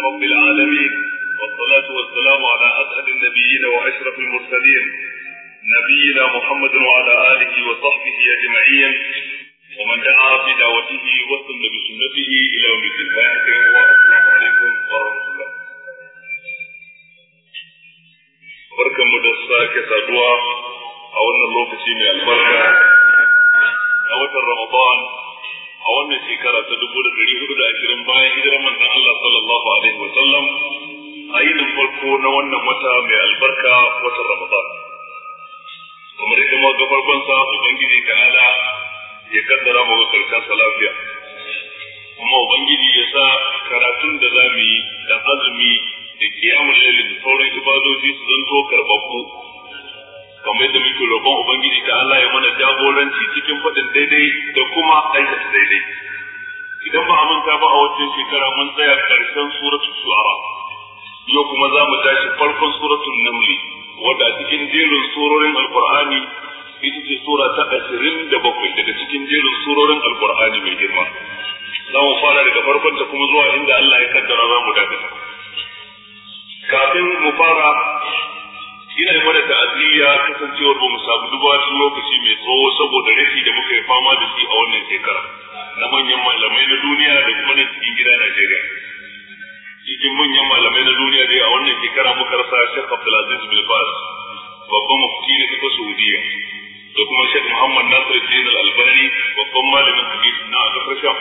رب العالمين والصلاة والسلام على أسعد النبيين وأشرف المرسلين نبينا محمد وعلى آله وصحبه أجمعين ومن دعا بدعوته وسن بسنته إلى يوم الدين والسلام عليكم ورحمة الله barkan mu da sake saduwa a wannan lokaci mai a wannan shekara ta dubu da dari hudu da ashirin bayan hijirar manzon Allah sallallahu alaihi wa sallam a yinin farko na wannan wata mai albarka watan Ramadan kamar ita ma ga farkon sa ubangiji ala ya kaddara mu ga karshen sa lafiya kuma ubangiji ya sa karatun da zamu yi da azumi da ke lailin da sauran ibadoji su zanto karbabbu kamar yadda muke roƙon ubangiji ta Allah ya mana jagoranci cikin faɗin daidai da kuma aikata daidai idan ba a manta ba a wancan shekara mun tsaya karshen suratul shu'ara yau kuma za mu tashi farkon suratul namli wadda cikin jerin surorin alqur'ani ita ce sura ta ashirin da bakwai daga cikin jerin surorin alqur'ani mai girma za mu fara daga farkon ta kuma zuwa inda Allah ya kaddara za mu dakata kafin mu fara yana mana ta'aziyya kasancewar ba mu samu dubashin lokaci mai tsawo saboda rashi da muka yi fama da shi a wannan shekara na manyan malamai na duniya da kuma na cikin gida Najeriya. Cikin manyan malamai na duniya dai a wannan shekara muka rasa Sheikh Abdulaziz bin Baz babban mufti na kasar Saudiya da kuma Sheikh Muhammad Nasir Jin Al-Albani babban malamin hadith na kasar Sham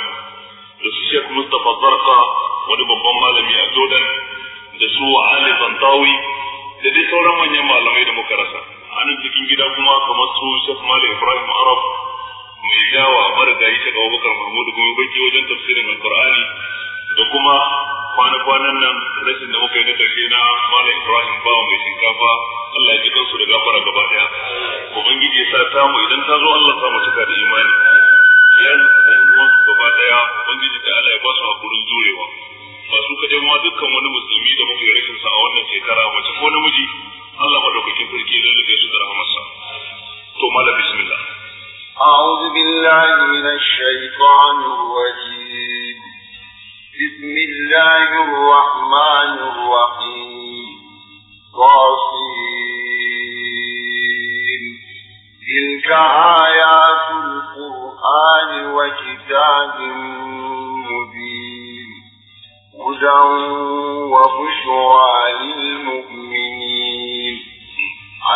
da su Sheikh Mustafa Zarqa wani babban malami a Jordan da su Ali Zantawi da dai sauran manyan malamai da muka rasa a cikin gida kuma kamar su Sheikh Malik Ibrahim Arab mai yawa yi Sheikh Abubakar Mahmud Gumi baki wajen tafsirin Al-Qur'ani da kuma kwana-kwanan nan rashin da muka yi na karshe na Malik Ibrahim Bawa mai shinkafa Allah ya ji kansu da gafara gaba ɗaya. Ubangiji ya sa mu idan ta zo Allah ta mu cika da imani. yan da gaba ɗaya Ubangiji ta Allah ya ba su hakurin jurewa. ba su ka ma dukkan wani musulmi da muke rashin sa a wannan shekara mace ko namiji Allah madaukakin sarki ya lalle su da rahmarsa to mala bismillah أعوذ بالله من الشيطان الرجيم بسم الله الرحمن الرحيم قاسم تلك آيات wa وكتاب هدى وبشرى للمؤمنين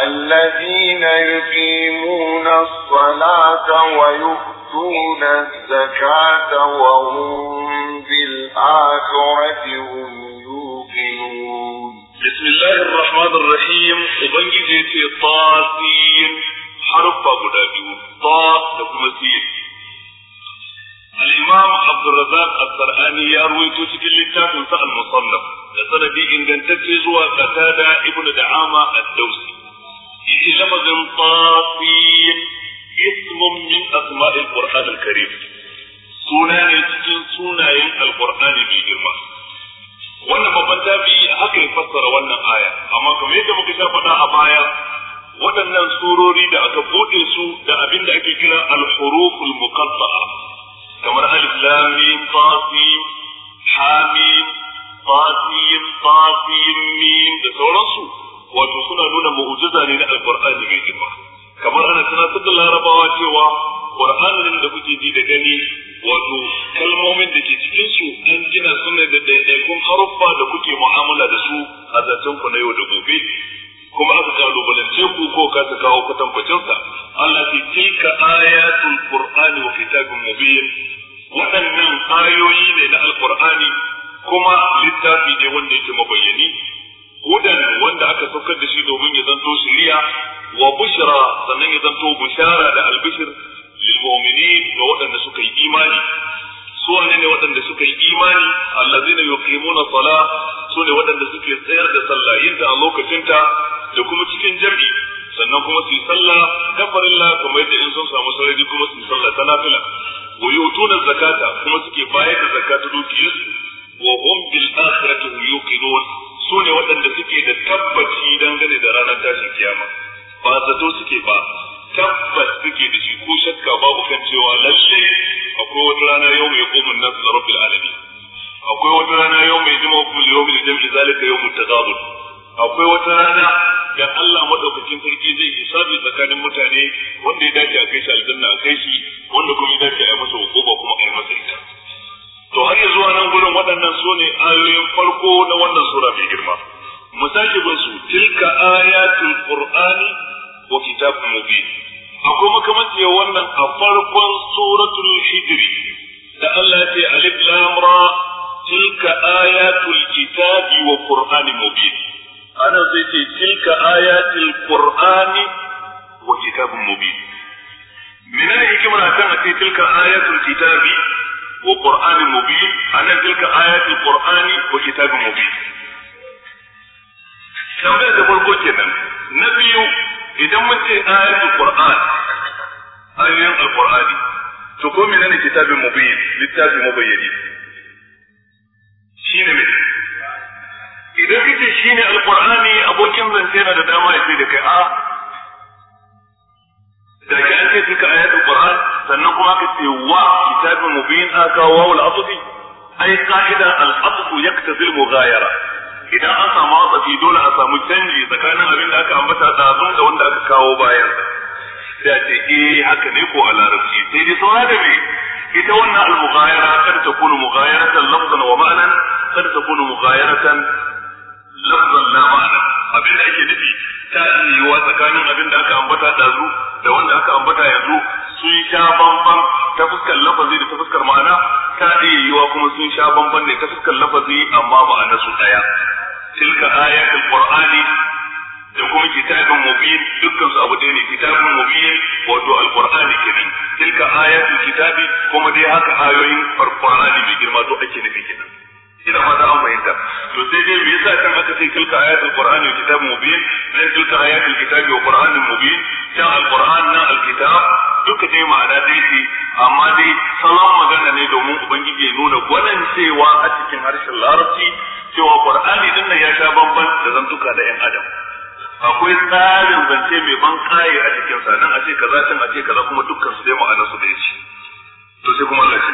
الذين يقيمون الصلاة ويؤتون الزكاة وهم بالآخرة هم يوقنون بسم الله الرحمن الرحيم وبنجي في طاسين حرف أبو دابيو طاس لكم al-imam abdurrazzaq as-sar'ani ya ruwaito cikin littafin sa al da sanadi ingantace zuwa qatada ibnu da'ama ad-dawsi yace lafazin tafiq ismun min asma'il qur'an al-karim suna ne cikin sunayen al-qur'ani mai girma wannan babban tabi'i haka ya fassara wannan aya amma kamar yadda muka sha faɗa a baya waɗannan surori da aka buɗe su da abinda ake kira al-huruful muqatta'a kamar alif lam mim qasim hamim qasim qasim da sauransu wato suna nuna mu'jiza ne na alqur'ani mai girma kamar ana tunatar da larabawa cewa qur'anin da kuke ji da gani wato kalmomin da ke cikinsu an gina su ne da daidaikun haruffa da kuke mu'amala da su a zancen ku na yau da gobe kuma aka kalubalance ku ko ka ta kawo kwatankwacin sa Allah ce tilka ayatul qur'ani wa kitabun mubin waɗannan ayoyi ne na alqur'ani kuma littafi ne wanda yake mabayyani hudan wanda aka saukar da shi domin ya zanto shiriya wa bushra sannan ya zanto bushara da albishir lil mu'minin waɗanda suka yi imani su wane ne waɗanda suka yi imani allazina yuqimuna sala su ne waɗanda suke tsayar da sallah yin ta a lokacinta da kuma cikin jami'i sannan kuma su yi sallah ta kamar yadda in sun samu sarari kuma su yi sallah ta nafila wa yutuna zakata kuma suke bayar da zakata dukiyarsu wa hum bil akhirati yuqinun su ne waɗanda suke da tabbaci dangane da ranar tashin kiyama ba zato suke ba tabbas suke da shi ko shakka babu kan cewa lalle akwai wata rana yau mai komin nasu da rabbil alami akwai wata rana yau mai jima kullu yau mai jami'i zalika yau mutazabun akwai wata rana da Allah madaukakin sarki zai hisabi tsakanin mutane wanda ya dace a kai shi aljanna a kai shi wanda kuma ya dace a yi masa hukuma kuma a yi masa ita to har yanzu a nan gurin waɗannan su ne ayoyin farko na wannan sura mai girma mu sake bin su tilka ayatul qur'ani وكتاب مبين فكما كما تيوانا أفرق سورة الحجر لألا في ألف لامرا تلك آيات الكتاب وقرآن مبين أنا زيت تلك آيات القرآن وكتاب مبين من أي كما كانت تلك آيات الكتاب وقرآن مبين أنا تلك آيات القرآن وكتاب مبين تنبيه تقول كتنا نبي idan mun ce ayatul qur'an ayoyin alqur'ani to ko menene kitabin mubayyin littafin mubayyin shine me idan kace shine alqur'ani abokin zance na da dama ya ce da kai a da ke an ce duka ayatul qur'an sannan kuma aka ce wa kitabin mubayyin aka wa al-asli ay qa'ida al-aslu yaktazi al-mughayara idan an samu watsafi dole a samu canji tsakanin abin da aka ambata dazun da wanda aka kawo bayan da ce eh haka ne ko a larabci sai dai saura da me ita wannan al-mughayara kar ta kunu mughayaratan lafzan wa ma'anan kar ta kunu mughayaratan lafzan la ma'ana abin da ake nufi ta yiwuwa tsakanin abin da aka ambata dazu da wanda aka ambata yanzu sun sha bambam ta fuskar lafazi da ta fuskar ma'ana ta iya yiwuwa kuma sun sha bambam ne ta fuskar lafazi amma ma'ana su daya tilka ayatul qur'ani da kuma kitabun mubin dukkan su abu ɗaya ne kitabun mubin wato alqur'ani kenan tilka ayatul kitabi kuma dai haka ayoyin alqur'ani mai girma to ake nufi kenan ina ma an bayyana to sai dai me yasa kan aka ce tilka ayatul qur'ani wa kitabun mubin dan tilka ayatul kitabi wa qur'anun mubin kan alquran na alkitab duka dai ma'ana dai ce amma dai salon magana ne domin ubangiji ya nuna gwanan cewa a cikin harshen larabci cewa qur'ani din nan ya sha bamban da zantuka da yan adam akwai tsarin zance mai ban kaye a cikin sa nan a ce kaza can a ce kaza kuma dukkan su dai ma'anar su da shi to sai kuma Allah ce.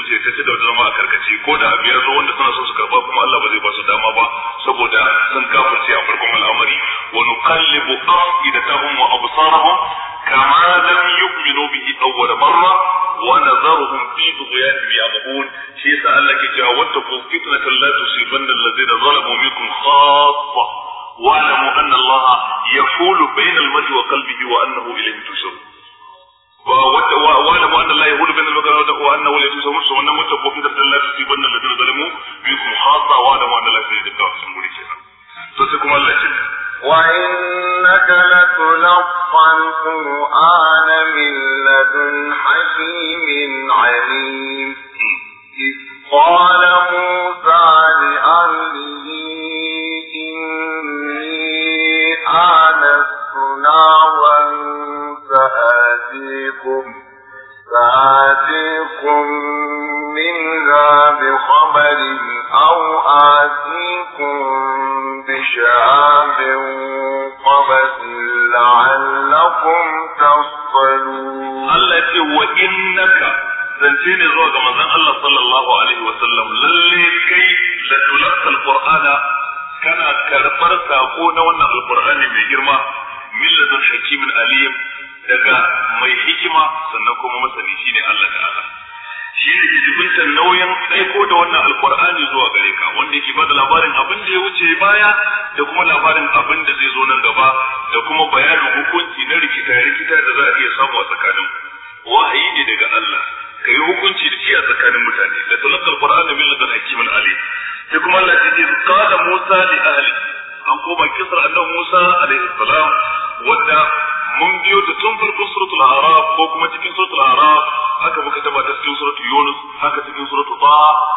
zuciya ta ci da wata zama a karkace ko da a zo wanda suna so su karba kuma Allah ba zai ba su dama ba saboda sun kafirce a farkon al'amari wa nuqallibu afidatahum wa absarahum kama lam yu'minu bihi awwal marra wa nadharuhum fi tughyanihim ya'mahun shi yasa Allah ke cewa wattaqu fitnatan la tusibanna alladhina zalamu minkum khassa واعلموا ان الله يحول بين واعلموا ان الله يقول بين المكر وانه لا يجوز مس وان متقوا في لا تصيبن الذين ظلموا منكم خاصه واعلموا ان الله سيجزي الكافرين مريد to sai kuma Allah ce وإنك لتلقى القرآن من لدن حكيم عليم إذ قال موسى لأهله إني آنست نارا فآتيكم سآتيكم منها بخبر أو آتيكم بشعاب قبس لعلكم تصلون التي وإنك سنتيني زوجة من الله صلى الله عليه وسلم للي كي لتلقى القرآن كان كرفر ساقونا وانا القرآن من جرمه من لدن حكيم أليم daga mai hikima sannan kuma masani shine Allah ta'ala shi ne jibinta nauyin aiko da wannan alkur'ani zuwa gare ka wanda yake bada labarin abin da ya wuce baya da kuma labarin abin da zai zo nan gaba da kuma bayanin hukunci na rikita rikita da za a iya samu a tsakanin wahayi ne daga Allah ka yi hukunci da shi a tsakanin mutane da talakkal qur'ani min ladan hakimin ali sai kuma Allah ya ce qala musa li ahli an koma kisar annabi musa alaihi salam wanda mun biyo ta tun farkon suratul araf ko kuma cikin suratul araf haka muka taba da cikin suratul yunus haka cikin suratul ta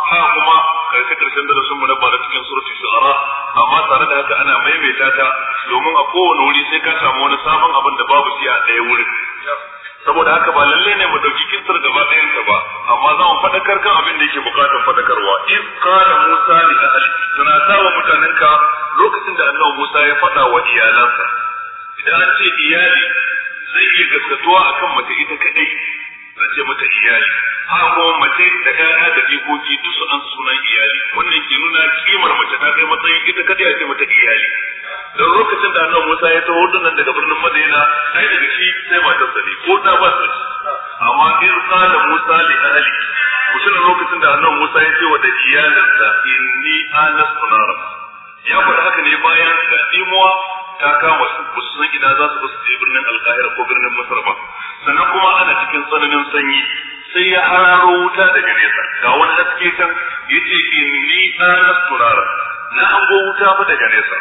ha kuma karshe karshen da sun mana bara cikin suratul shu'ara amma tare da haka ana maimaita ta domin a kowane wuri sai ka samu wani sabon abin da babu shi a ɗaya wurin saboda haka ba lalle ne mu dauki kisar gaba ɗayan ta ba amma za mu fadakar kan abin da yake bukatar fadakarwa in qala musa li ahli tunata wa mutanenka lokacin da Allah musa ya faɗa wa iyalansa Da an ce iyali zai iya gaskatuwa akan mace ita kadai a ce mata iyali har kuma mace da ƴaƴa da jikoki duk su an sunan iyali wannan ke nuna kimar mace ta kai matsayin ita kadai a ce mata iyali don lokacin da annabi Musa ya taho nan daga birnin Madina ai daga shi sai matarsa ne ko da ba su amma in qala Musa li ahli kusan lokacin da annabi Musa ya ce wa da iyalinsa inni anastu nara ya faɗa haka ne bayan da imuwa ta kama su ba su san ina za su su je birnin alkahira ko birnin masar ba sannan kuma ana cikin tsananin sanyi sai ya hararo wuta daga nesa ga wani haske can yace inni anas turara na hango wuta ba daga nesa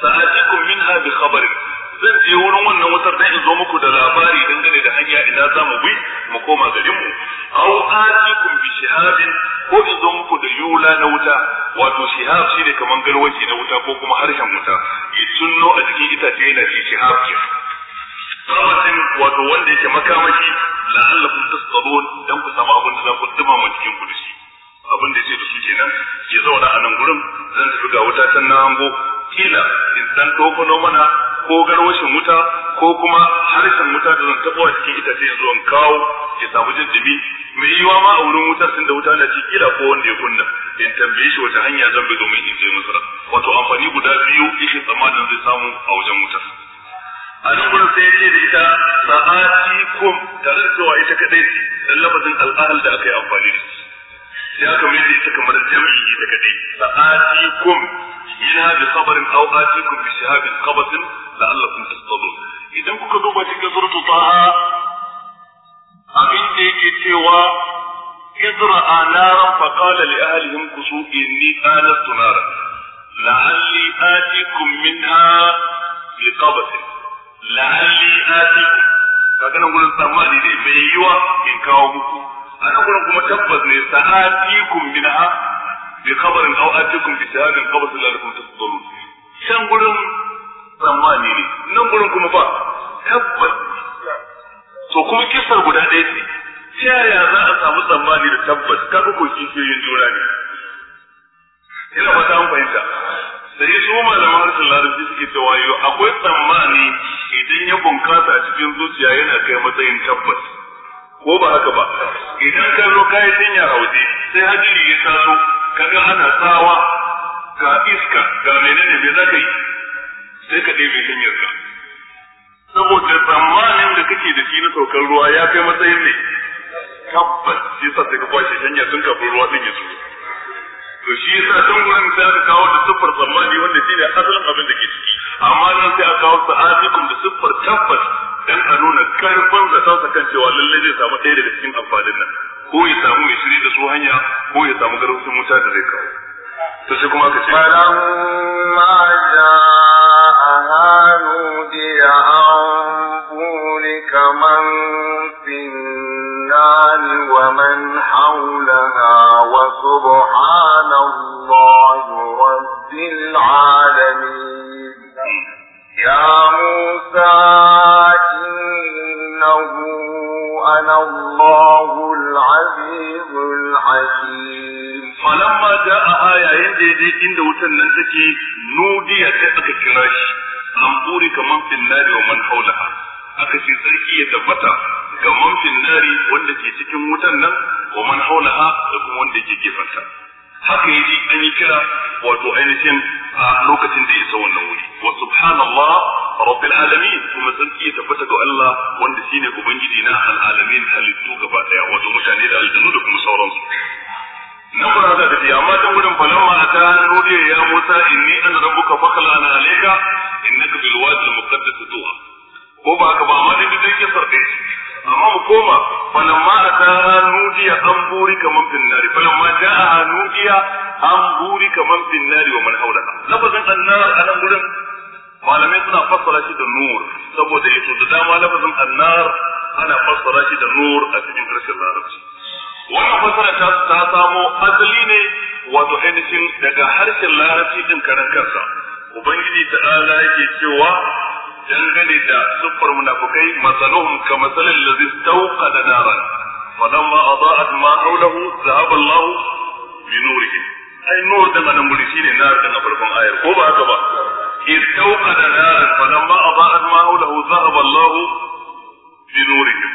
sa'atikum minha bi khabarin zan je wurin wannan wutar da in zo muku da labari dangane da hanya ina za mu bi mu koma garin mu aw atikum bi shihabin ko in zo muku da yula na wuta wato shihab shine kaman garwaje na wuta ko kuma harshen wuta ya sunno a cikin itace yana ci shihab ke sabatin wato wanda yake makamashi la'allakum tasdarun dan ku samu abin da za ku mu cikin kudi abin da yake da su kenan ya zauna a nan gurin zan tafi ga wuta sannan hango kila in dan tokono mana ko garwashin wuta ko kuma harshen wuta da zan tabo a cikin itace zuwa kawo ya samu jinjimi mai yiwa ma a wurin wutar da wuta na ci kila ko wanda ya kunna in tambaye shi wata hanya zan bi domin in je musra wato amfani guda biyu yake tsammanin zai samu a wajen wutar a sai ce da ita kum tare da cewa ita kadai ce al'adar al'ahal da aka yi amfani da shi sai aka mai da ita kamar jam'i ta kadai sa'atikum minha bi sabrin aw atikum bi shihabin qabatin la'allakum tastabun idan kuka duba cikin suratul taha abin da yake cewa izra'a naran fa qala li ahlihim kusu inni anastu naran la'alli atikum minha bi qabatin la'alli atikum kaga nan gurin tsammani dai bai yiwa in kawo muku a nan kuma tabbas ne sa'atikum minha bi khabarin aw atikum bi shahadin qabl sallallahu alaihi wasallam can gurin tsammani ne nan gurin kuma ba tabbas to kuma kisar guda ɗaya ce ta yaya za a samu tsammani da tabbas Ka ga kaga ko kishiyoyin jura ne ina ba ta an fahimta sai su malaman harshen larabci suke cewa yau akwai tsammani idan ya bunkasa cikin zuciya yana kai matsayin tabbas ko ba haka ba idan ka zo kayan jinya hauje sai hadiri ya taso kaga ana tsawa ga iska ga menene me za ka yi sai ka ɗebe jinyar ka saboda tsammanin da kake da shi na saukar ruwa ya kai matsayin ne tabbas shi sa sai ka kwashe shanya tun kafin ruwa din ya zo to shi yasa tun gurin sai aka kawo da siffar tsammani wanda shi ne asalin abin da ke ciki amma nan sai aka kawo sa'atikum da siffar tabbas dan a nuna karfin zatansa kan cewa lallai zai samu ɗaya daga cikin amfanin nan ko ya samu mai shiri da su hanya ko ya samu garwasin wuta da zai kawo to sai kuma aka ce falamma ja'aha nudiya an man finnani wa man hawlaha wa subhanallahi rabbil alamin وكان الله العزيز الحكيم فلما جاءها يا يندي دي عند وتن نن نودي sai aka kira shi an buri kaman finnari wa man haulaha aka ce sarki ya tabbata ga man finnari wanda ke cikin wutan nan wa man haulaha da kuma wanda ke haka yaji an yi kira wato ainihin a lokacin da ya sa wannan wuri wa subhanallah rabbil alamin kuma sarki ya tabbata ga Allah wanda shine ubangiji na al alamin halittu gaba wato mutane da aljanu da kuma sauransu na fara da tafi amma ta wurin falamma ata nudiya ya musa inni an rabbuka fakala na alayka innaka bil wadi al muqaddas tuwa ko ba haka ba amma dai duk yake sarde amma mu koma falamma ata nudiya an buri kaman bin nari falamma jaa an buri malamai suna fassara shi da nur saboda ya da dama lafazin annar ana fassara shi da nur a cikin harshen larabci wannan fassara ta ta samo asali ne wato ainihin daga harshen larabci din karan kansa ubangiji ala yake cewa dangane da siffar munafukai masaluhum ka masalin lazi tauka da naran falamma adaa'at ma hawlahu dhahaba bi nurihim ai nuhu din anan guri shine na din a farkon ayar ko ba haka ba istauqa da naran falamma adaa'at ma hawlahu dhahaba Allah bi nurihim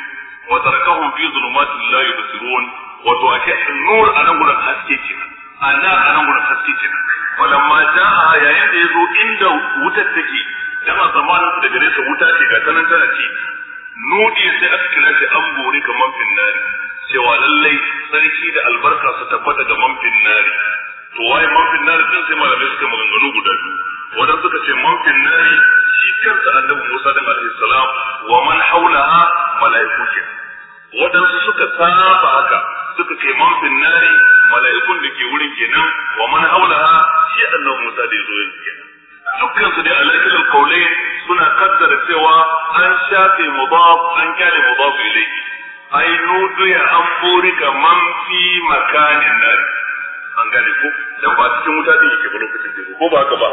wa tarakahum fi dhulumatin la yubsirun wato ake nur anan gurin haske kenan ana anan gurin haske kenan falamma jaa'a yayin da yazo inda wutar take dan a zamanin da gare su wuta ce ga tanan tana ci nudi sai aka kira shi an bori kaman finnari cewa lallai sarki da albarka su tabbata ga man finnari to waye mafin nari din sai malamai suka maganganu guda biyu wadan suka ce mafin nari shi kansa annabi Musa da Alayhi salam wa man haulaha malaiku ke wadansu suka saba haka suka ce mafin nari malaikun da ke wurin kenan wa man haulaha shi annabi Musa da zuwa kenan dukkan su dai alaikil suna kaddara cewa an shafe mudaf an kyale mudaf ilayhi ai nudu ya an burika man fi makanin nari an gane ko dan ba cikin wuta din yake ba lokacin da ko ba haka ba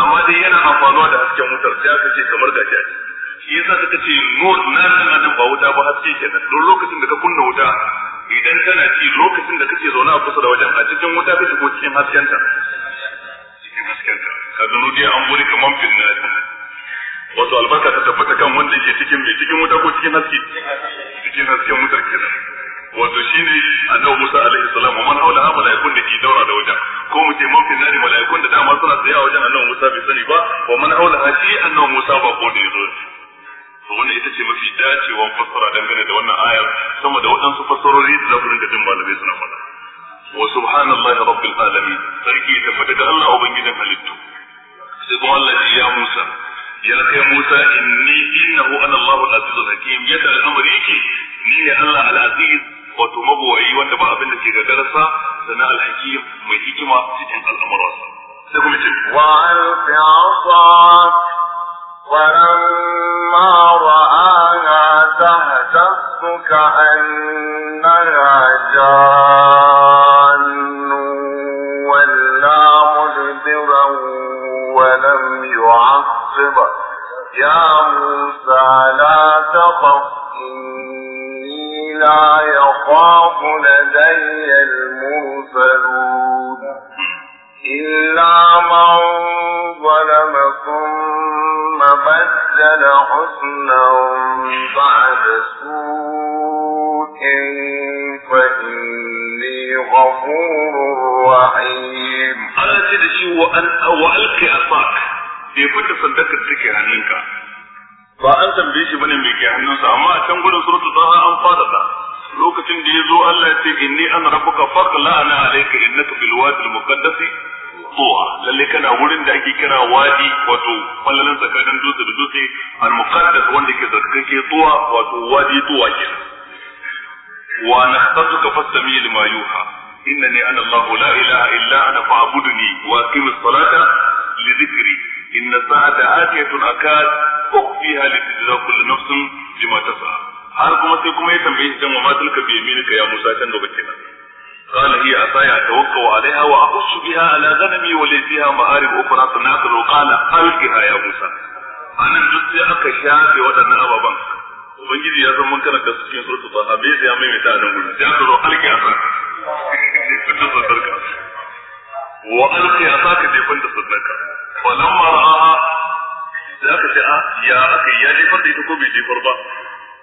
amma dai yana amfanuwa da hasken wutar sai aka ce kamar jaji shi yasa suka ce nur na nan ba wuta ba haske kenan don lokacin da ka kunna wuta idan tana ci lokacin da kake zaune a kusa da wajen a cikin wuta kake ko cikin haskenta cikin hasken ta ka zanu dai an buri kaman finnari wato albarka ta tabbata kan wanda ke cikin mai cikin wuta ko cikin haske cikin hasken wutar kenan wato shine annabi Musa alaihi salam man haula ha malaikun da ke daura da wajen ko mu ce mafi nari malaikun da dama suna tsaye a wajen annabi Musa bai sani ba wa man haula ha shi annabi Musa ba ko da yazo to wannan ita ce mafi dacewan fassara dangane da wannan ayar sama da waɗansu fassarori da za ku rinka jin malamai suna faɗa wa subhanallahi rabbil alamin sarki ta fada da Allah ubangijin halittu sai kuma Allah ya Musa ya kai Musa inni innahu ana Allahu al-aziz hakim yadda al-amri yake ni ne Allah al-aziz wato mabuwayi wanda ba abin da ke gagararsa na alhaki mai hikima cikin al'amuransa sai kuma ce wa alfi asat wa lamma ra'ana tahtassuka annaha ja'a wa'alki asak bai fita sandakar take hannunka ba an tambaye shi bane mai ke hannunsa amma a can gudun surutu taha an fada ta lokacin da ya zo Allah ya ce inni an rabbuka faqla ana alayka innaka bil wadi al muqaddas tuwa lalle kana wurin da ake kira wadi wato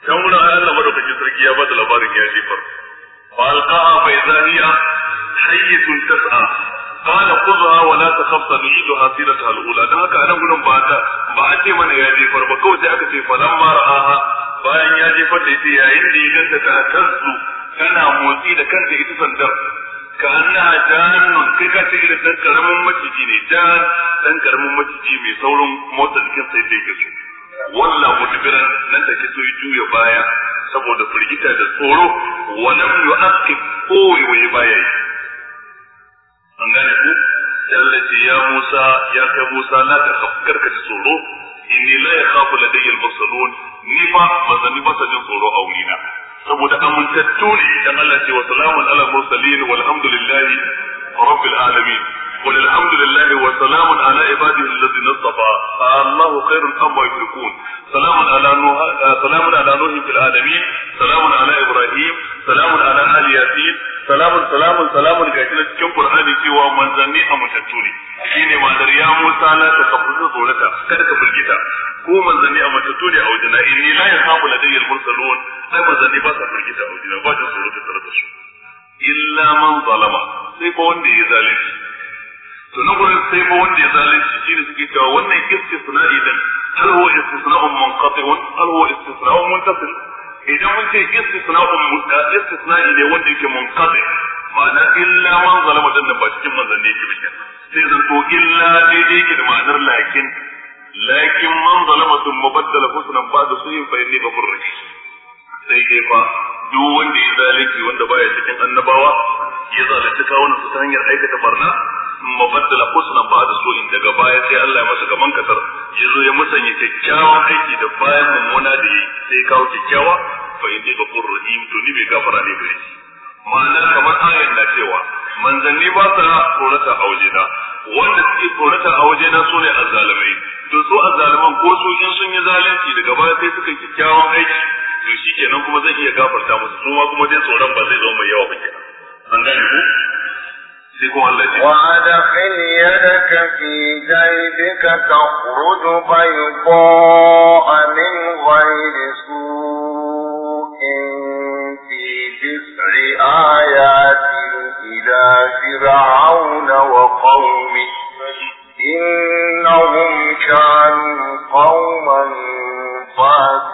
dan wurin ai Allah madaukakin sarki ya ba da labarin ya jefar fa alqaha fa izaniya hayyatun tas'a qala khudha wa la takhaf sabiduha siratuha alula dan haka anan gurin ba ta ba a ce mana ya jefar ba kawai sai aka ce falamma ra'aha bayan ya jefar da ita yayin da ya ganta ta tazu tana motsi da kanta ita sandar ka annaha jannun kai ka ce irin dan karamin maciji ne jan dan karamin maciji mai saurin motsa jikin sai da yake so walla mudbiran nan take so ya juya baya saboda firgita da tsoro wa lam yu'aqib ko waiwaye baya yi an gane ku yallace ya Musa ya kai Musa na ta kafkar ka ji tsoro inni la ya ladayya al-mursalun ni fa ba zan ba sa jin tsoro a wurina saboda amintattu ne dan Allah ce wa salamun ala mursalin walhamdulillahi rabbil alamin قل الحمد لله وسلام على عباده الذين اصطفى الله خير اما يشركون سلام على نوح سلام على نوح في العالمين سلام على ابراهيم سلام على ال ياسين سلام سلام سلام كاتب كم قران في ومن زني ام تتوني شيني ما دريا موسى لا تقبض دولتا كذلك بالجيتا كو من زني ام تتوني او جنائني لا يصاب لدي المرسلون لما زني بس بالجيتا او جنائني باجا سورة الا من ظلم سيكون دي ذلك to na gurin sai ba wanda ya zalunci shi ne suke cewa wannan istisna'i din hal huwa istisna'un munqati'un hal huwa istisna'un muntasil idan mun ce istisna'un eh, istisna'i ne wanda yake munqati ma'ana illa man zalama dan ba cikin ne yake ba sai to illa daidai yake da ma'anar lakin lakin man zalama sun mabaddala husnan ba da suyin bayanni ba furrashi sai dai ba duk wanda ya zalunci wanda baya cikin annabawa ya zalunci na su ta hanyar aikata barna mabaddala ko suna ba da so daga baya sai Allah ya masa gaban kasar ya zo ya musanya kyakkyawan aiki da bayan mummuna da yi sai kawo kyakkyawa fa inni ghafur rahim to ni bai gafara ne gare shi ma'anar kamar ayan na cewa manzanni ba sa tsoratar a wajena wanda suke tsoratar a wajena su ne azzalumai to su azzaluman ko su in sun yi zalunci daga baya sai suka kyakkyawan aiki to shikenan kuma zan iya gafarta musu su ma kuma dai tsoron ba zai zo mai yawa ba kenan an gane ku وأدخل يدك في جيبك تخرج بيضاء من غير سوء في تسع آيات إلى فرعون وقومه إنهم كانوا قوما فاسقين.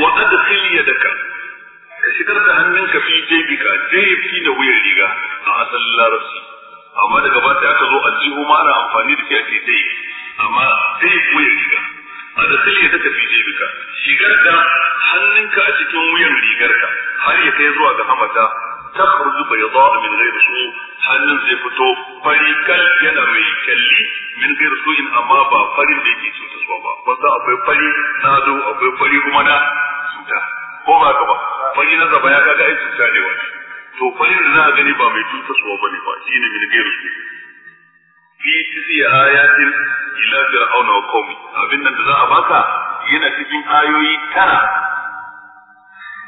وأدخل يدك ka shigar da hannunka fi jebika jeb fi da wuyan riga a asalin larabci amma daga ba aka zo jiho ma ana amfani da shi a amma jeb wuyan riga a da sai ya tafi fi jebika shigar da hannunka a cikin wuyan rigarka har ya kai zuwa ga hamata ta kurzu bai zo min gairi su hannun zai fito fari kal yana mai kyalli min gairi su in amma ba farin da yake su ba wanda akwai fari na zo akwai fari kuma na cuta ko ba ka ba fari na zaba ya kaga aikin cuta ne wani to farin da za a gani ba mai tuta suwa ba ne ba shi ne mai gairu su fi tisi ayatin ila fir'auna wa qaumi abin nan da za a baka yana cikin ayoyi tara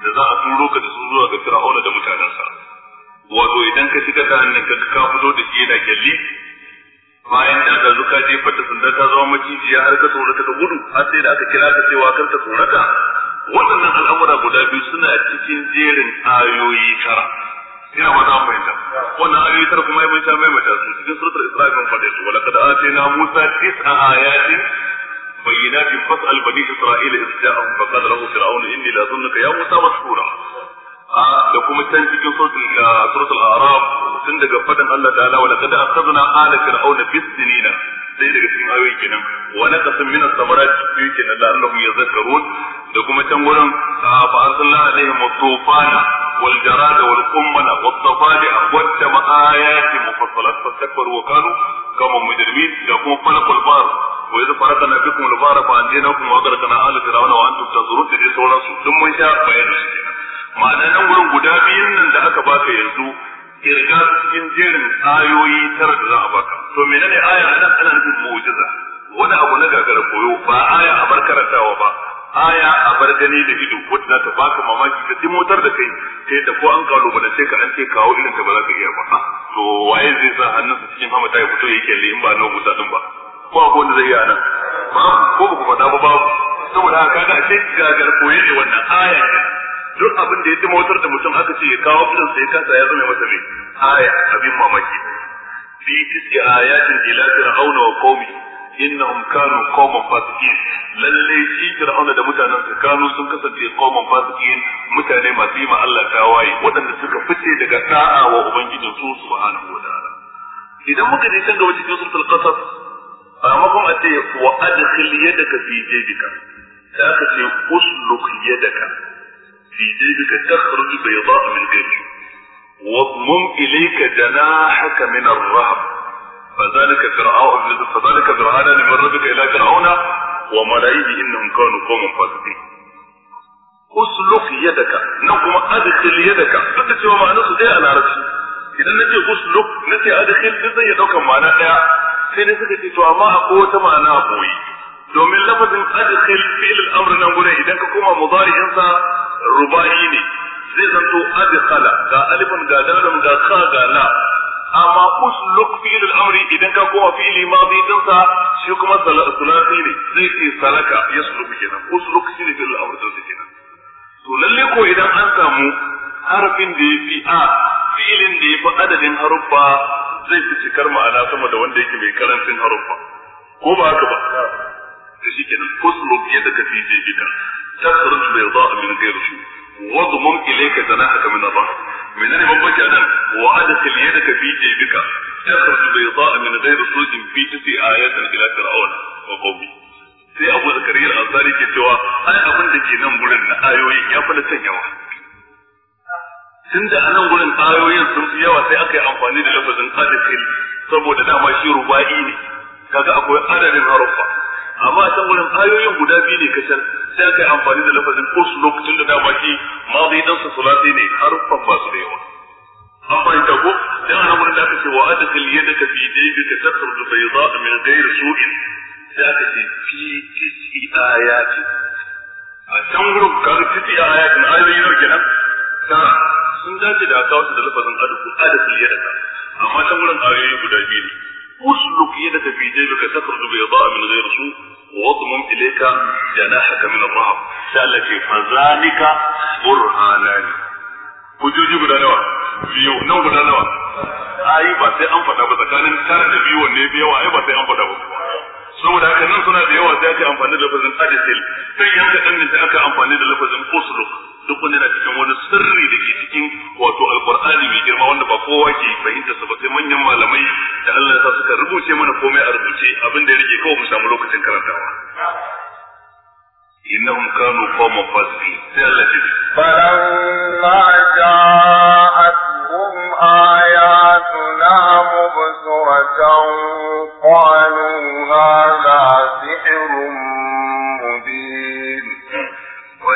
da za a turo ka da su zuwa ga fir'auna da mutanensa wato idan ka shiga ta hannun ka ka fito da shi yana gyalli bayan da ka zuka jefa ta sanda ta zama macijiya har ka tsorata ta gudu har sai da aka kira ka cewa kar ta tsorata waɗannan al'amura guda biyu suna cikin jerin ayoyi tara ina ba za mu fahimta wannan ayoyi tara kuma mun sha maimaita su cikin suratul isra mun faɗe su wala kad atina musa tis'a ayatin bayyinatin fas'al bani isra'ila idh ja'ahum fa qala lahu fir'aun inni la dhunnuka ya musa mashkura da kuma can cikin suratul a'raf tun daga faɗin Allah ta'ala wala kad akhadna ala fir'auna bis sinina sai daga cikin ayoyi kenan wa naqasun min as-samarat da kuma can gurin fa anzalna alaihim tufana wal jarada wal qummala wat tafali'a wat mufassalat wa kanu kama da kuma bar wa bar fa wa ala wa antum da dai sauransu duk mun sha bayani su kenan ma'ana nan gurin guda biyun nan da aka baka yanzu kirga cikin jerin ayoyi tara da za a baka to menene aya ana ana nufin mu'jiza wani abu na gagara koyo ba aya a bar karantawa ba aya a bar gani da ido wacce za ta baka mamaki ka dimotar da kai ta yadda ko an ce ka an ce kawo irin ta ba za ka iya ba ah, to waye zai sa hannunsa cikin hamata ya fito ya kelle in ba na musa din ba ko a wanda zai iya nan ba ko ba ku faɗa ba babu saboda haka kaga a ce gagara koye ne wannan aya duk abin da ya dimotar da mutum aka ce ya kawo irin sai kansa ya zama masa mai aya abin mamaki fi tis'i ayatin ila fir'auna wa qaumi innahum kanu qauman fasiqin lalle shi fir'auna da mutanen sa kanu sun kasance qauman fasiqin mutane masu yi ma Allah tawaye waɗanda suka fice daga da'a wa ubangijin su subhanahu wa ta'ala idan muka je can gaba cikin suratul qasas a makon a ce wa adkhil yadaka fi jaybika da واضمم إليك جناحك من الرهب فذلك فرعون فذلك برهانا من ربك إلى فرعون وملئه إنهم كانوا قوما فاسقين usluk yadaka nan kuma adkhil yadaka duk da cewa ma'anar su ɗaya a larabci idan nace usluk nace adkhil duk zai dauka ma'ana ɗaya sai dai suka to amma akwai wata ma'ana a boye domin lafazin adkhil fi'il al-amr nan idan ka koma mudari'in sa rubai ne zai zanto adkhala ga alifan ga dalun ga kha ga la amma usluk fi'il al-amri idan ka koma fi'il madi din sa shi kuma salasi ne zai ce salaka yasluku kenan usluk shi ne al-amri din zai kenan to lalle ko idan an samu harfin da yafi a filin da yafi adadin haruffa zai fi cikar ma'ana sama da wanda yake mai karancin haruffa ko ba haka ba da shi kenan usluk yadda ka fi ita takhruj bayda min ghayri shuru واضمم إليك جناحك ba, الرحمة menene bambanci anan wa adkhil yadaka fi jaybika takhruj bayda'a min ghayri sujin fi tisi ayatin ila fir'auna wa qawmi sai Abu Zakariya al-Ansari ke cewa ai abin da ke nan gurin na ayoyin ya fi san yawa tunda anan gurin ayoyin sun fi yawa sai aka yi amfani da lafazin adkhil saboda dama shi rubai ne kaga akwai adadin haruffa amma a can wurin ayoyin guda biyu ne kacal sai aka yi amfani da lafazin us lokacin da dama ke mazi dan su sulati ne har ba su da yawa an fahimta ko dan ana wurin da aka ce wa da ka fi da takhruju bayda min gair su'in sai aka ce fi tis'i ayati a can wurin kaga tis'i na ayoyi nawa kenan ta sun dace da aka wasu da lafazin da ka amma can wurin ayoyi guda biyu ne usluk yadaka fi jaybika takhruju bayda min ghayri su'in واضمم إليك جناحك من الرهب سألك فذلك برهانان hujjoji guda nawa biyu nawa guda nawa ai ba sai an faɗa ba tsakanin tare da biyu wanne biyu yawa ai ba sai an faɗa ba saboda haka nan suna da yawa sai aka amfani da lafazin adil sai yanka dan ne sai aka amfani da lafazin usluk duk wanda yana cikin wani sirri da ke cikin wato alkur'ani mai girma wanda ba kowa ke fahimta sa ba sai manyan malamai da Allah ya sa suka rubuce mana komai a rubuce abin da ya kawai mu samu lokacin karantawa إنهم كانوا قوما فاسقين فلما ja'atuhum آياتنا mubsuratan qalu hadha sihrun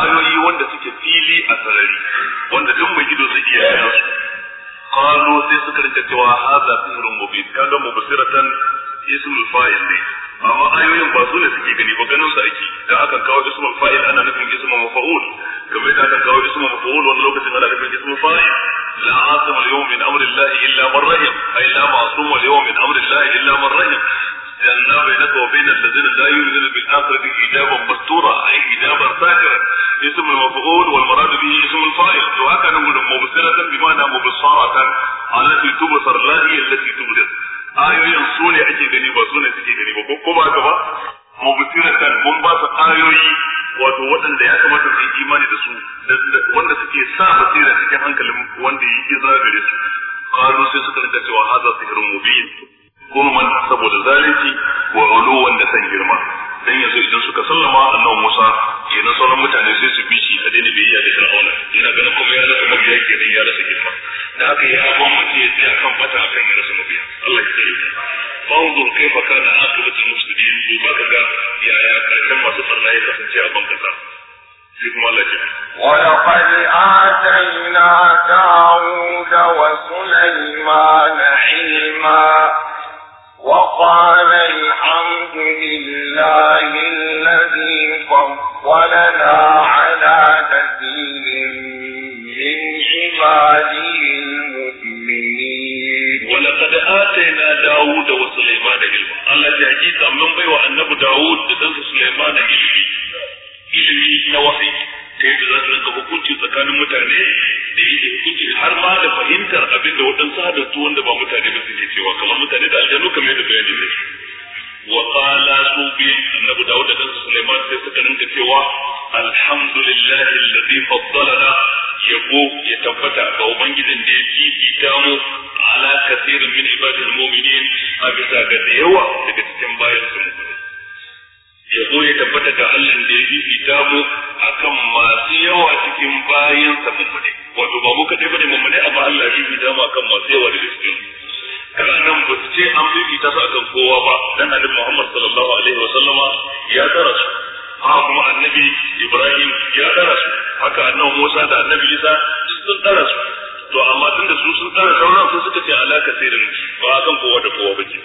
ayoyi wanda suke fili a sarari wanda duk mai ido zai iya yana su qalu sai suka rinka cewa hadha sihrun mubin mu mubsiratan ismul fa'il ne amma ayoyin ba su ne suke gani ba ganin su ake da akan kawo ismul fa'il ana nufin ismul maf'ul kamar da akan kawo ismul maf'ul wani lokacin ana nufin ismul fa'il la asama al-yawm min amri Allah illa man rahim ay la ma'sum al-yawm min amri Allah illa man rahim جعلنا بينك وبين الذين لا يؤمنون بالآخرة حجابا مستورا أي حجابا ساترا اسم المفعول والمراد به اسم الفاعل وهكذا نقول مبصرة بمعنى مبصرة التي تبصر لا هي التي تبصر ayoyin su ne ake gani ba su ne suke gani ba ko ba ka ba ayoyi wato waɗanda ya kamata su yi imani da su wanda suke sa basira cikin hankalin wanda yake zagare su qalu sai suka rika cewa hadha sihrun mubin gurman saboda zalunci wa uluwan da san girma dan yanzu idan suka sallama annabi Musa kenan sauran mutane sai su bi shi a daina biyayya da Fir'auna ina ganin kuma ya rasa mabiya kenan ya rasa girma da aka ya abun mutum ya tsaya kan fata akan ya rasa mabiya Allah ya tsare mu kai fa kana aqibatul muslimin ga ya yaya karshen masu farna ya kasance a kuma ban ya ولقد آتينا داود وسليمان علما وقال الحمد لله الذي فضلنا على كثير من عباده المؤمنين ولقد آتينا داود وسليمان علما الله تحقيقا من بيوى النبي داود لدنس سليمان علمي ilimi na ta yadda za su rinka hukunci tsakanin mutane da yake hukunci har ma da fahimtar abin da waɗansu hadattu wanda ba mutane ba suke cewa kamar mutane da aljanu kamar yadda bayani ne shi wa qala su annabi dawud da kansu sulaiman sai suka rinka cewa alhamdulillahi alladhi faddalana yabo ya tabbata ga ubangijin da ya fifita mu ala kasirin min ibadil mu'minin a bisa ga da yawa daga cikin bayan su ya zo ya tabbata ga Allah da ya fifita mu akan masu yawa cikin bayan sa mummune wato ba mu kadai bane mummune amma Allah shi fifita mu akan masu yawa da cikin kana nan ba su ce an fifita su akan kowa ba dan Annabi Muhammad sallallahu alaihi wa sallama ya tsara su haka kuma Annabi Ibrahim ya tsara su haka Annabi Musa da Annabi Isa sun tsara su to amma tunda su sun tsara sauran su suka ce alaka sai da ba akan kowa da kowa ba ke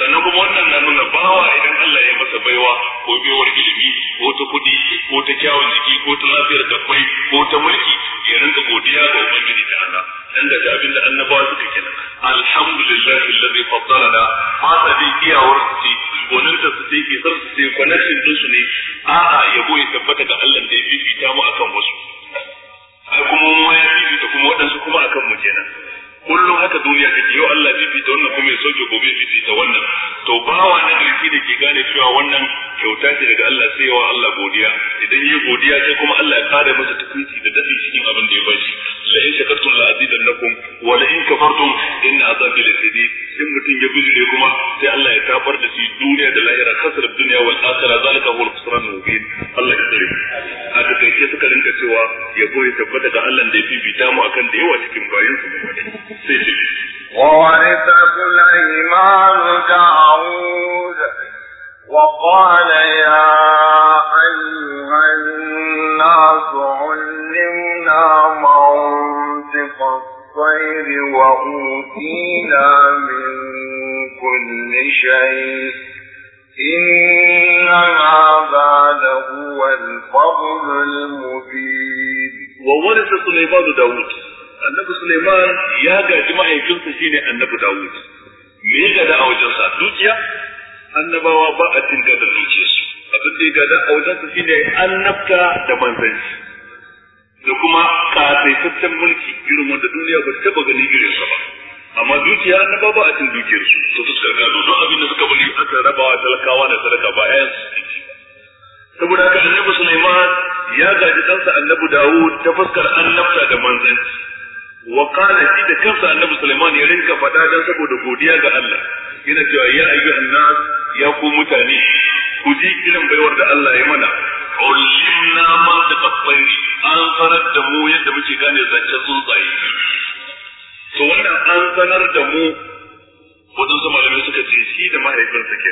sannan kuma wannan na nuna bawa idan Allah ya masa baiwa ko biyowar ilimi ko ta kudi ko ta kyawun jiki ko ta lafiyar dabbai ko ta mulki ya rinka godiya ga ubangiji ta Allah dan da abin da annabawa suka kenan alhamdulillah alladhi faddalana ma ta dai kiyawar su ce gonin ta su take sab su ce connection din su ne a'a yabo ya tabbata ga Allah da ya fifita mu akan wasu kuma mu ya fifita kuma waɗansu kuma akan mu kenan kullum haka duniya take yau Allah bai ta wannan kuma ya soke gobe bai ta wannan to bawa na garki da ke gane cewa wannan kyauta ce daga Allah sai yawa Allah godiya idan yi godiya sai kuma Allah ya kare masa tukunci da dadi cikin abin da ya bashi la in shakartum la azidannakum wa la in kafartum in azabi lasadid in mutum ya bijire kuma sai Allah ya kafar da shi duniya da lahira kasar duniya wal akhirah zalika huwal khusran mubin Allah ya tsare a takaice suka rinka cewa ya ya tabbata ga Allah da ya fifita mu akan da yawa cikin bayansu وورث سليمان داود وقال يا أيها الناس علمنا منطق الطير وأوتينا من كل شيء إن هذا لهو الفضل المبين وورث سليمان داود annabi Suleiman ya gaji mahaifinsa shine annabi Dawud me ya gada a wajensa dukiya annabawa ba a cin gada dukiyarsu abin da ya gada a wajensa shine annabta da manzanci da kuma kasaitaccen mulki irin wanda duniya ba ta taba gani irin sa ba amma dukiya annaba ba a cin dukiyarsu su fuskar gado don abin da suka bari aka rabawa talakawa da sadaka ba ayan saboda haka annabi Suleiman ya gaji ɗansa annabi Dawud ta fuskar annabta da manzanci wa kana shi da kansa annabi Sulaiman ya rinka fada dan saboda godiya ga Allah yana cewa ya ayyu nas ya ku mutane ku ji irin baiwar da Allah ya mana ulimna ma da tsayyari an farar da mu yadda muke gane zancen tsuntsaye to wannan an sanar da mu waɗansu malamai suka ce shi da mahaifinsa ke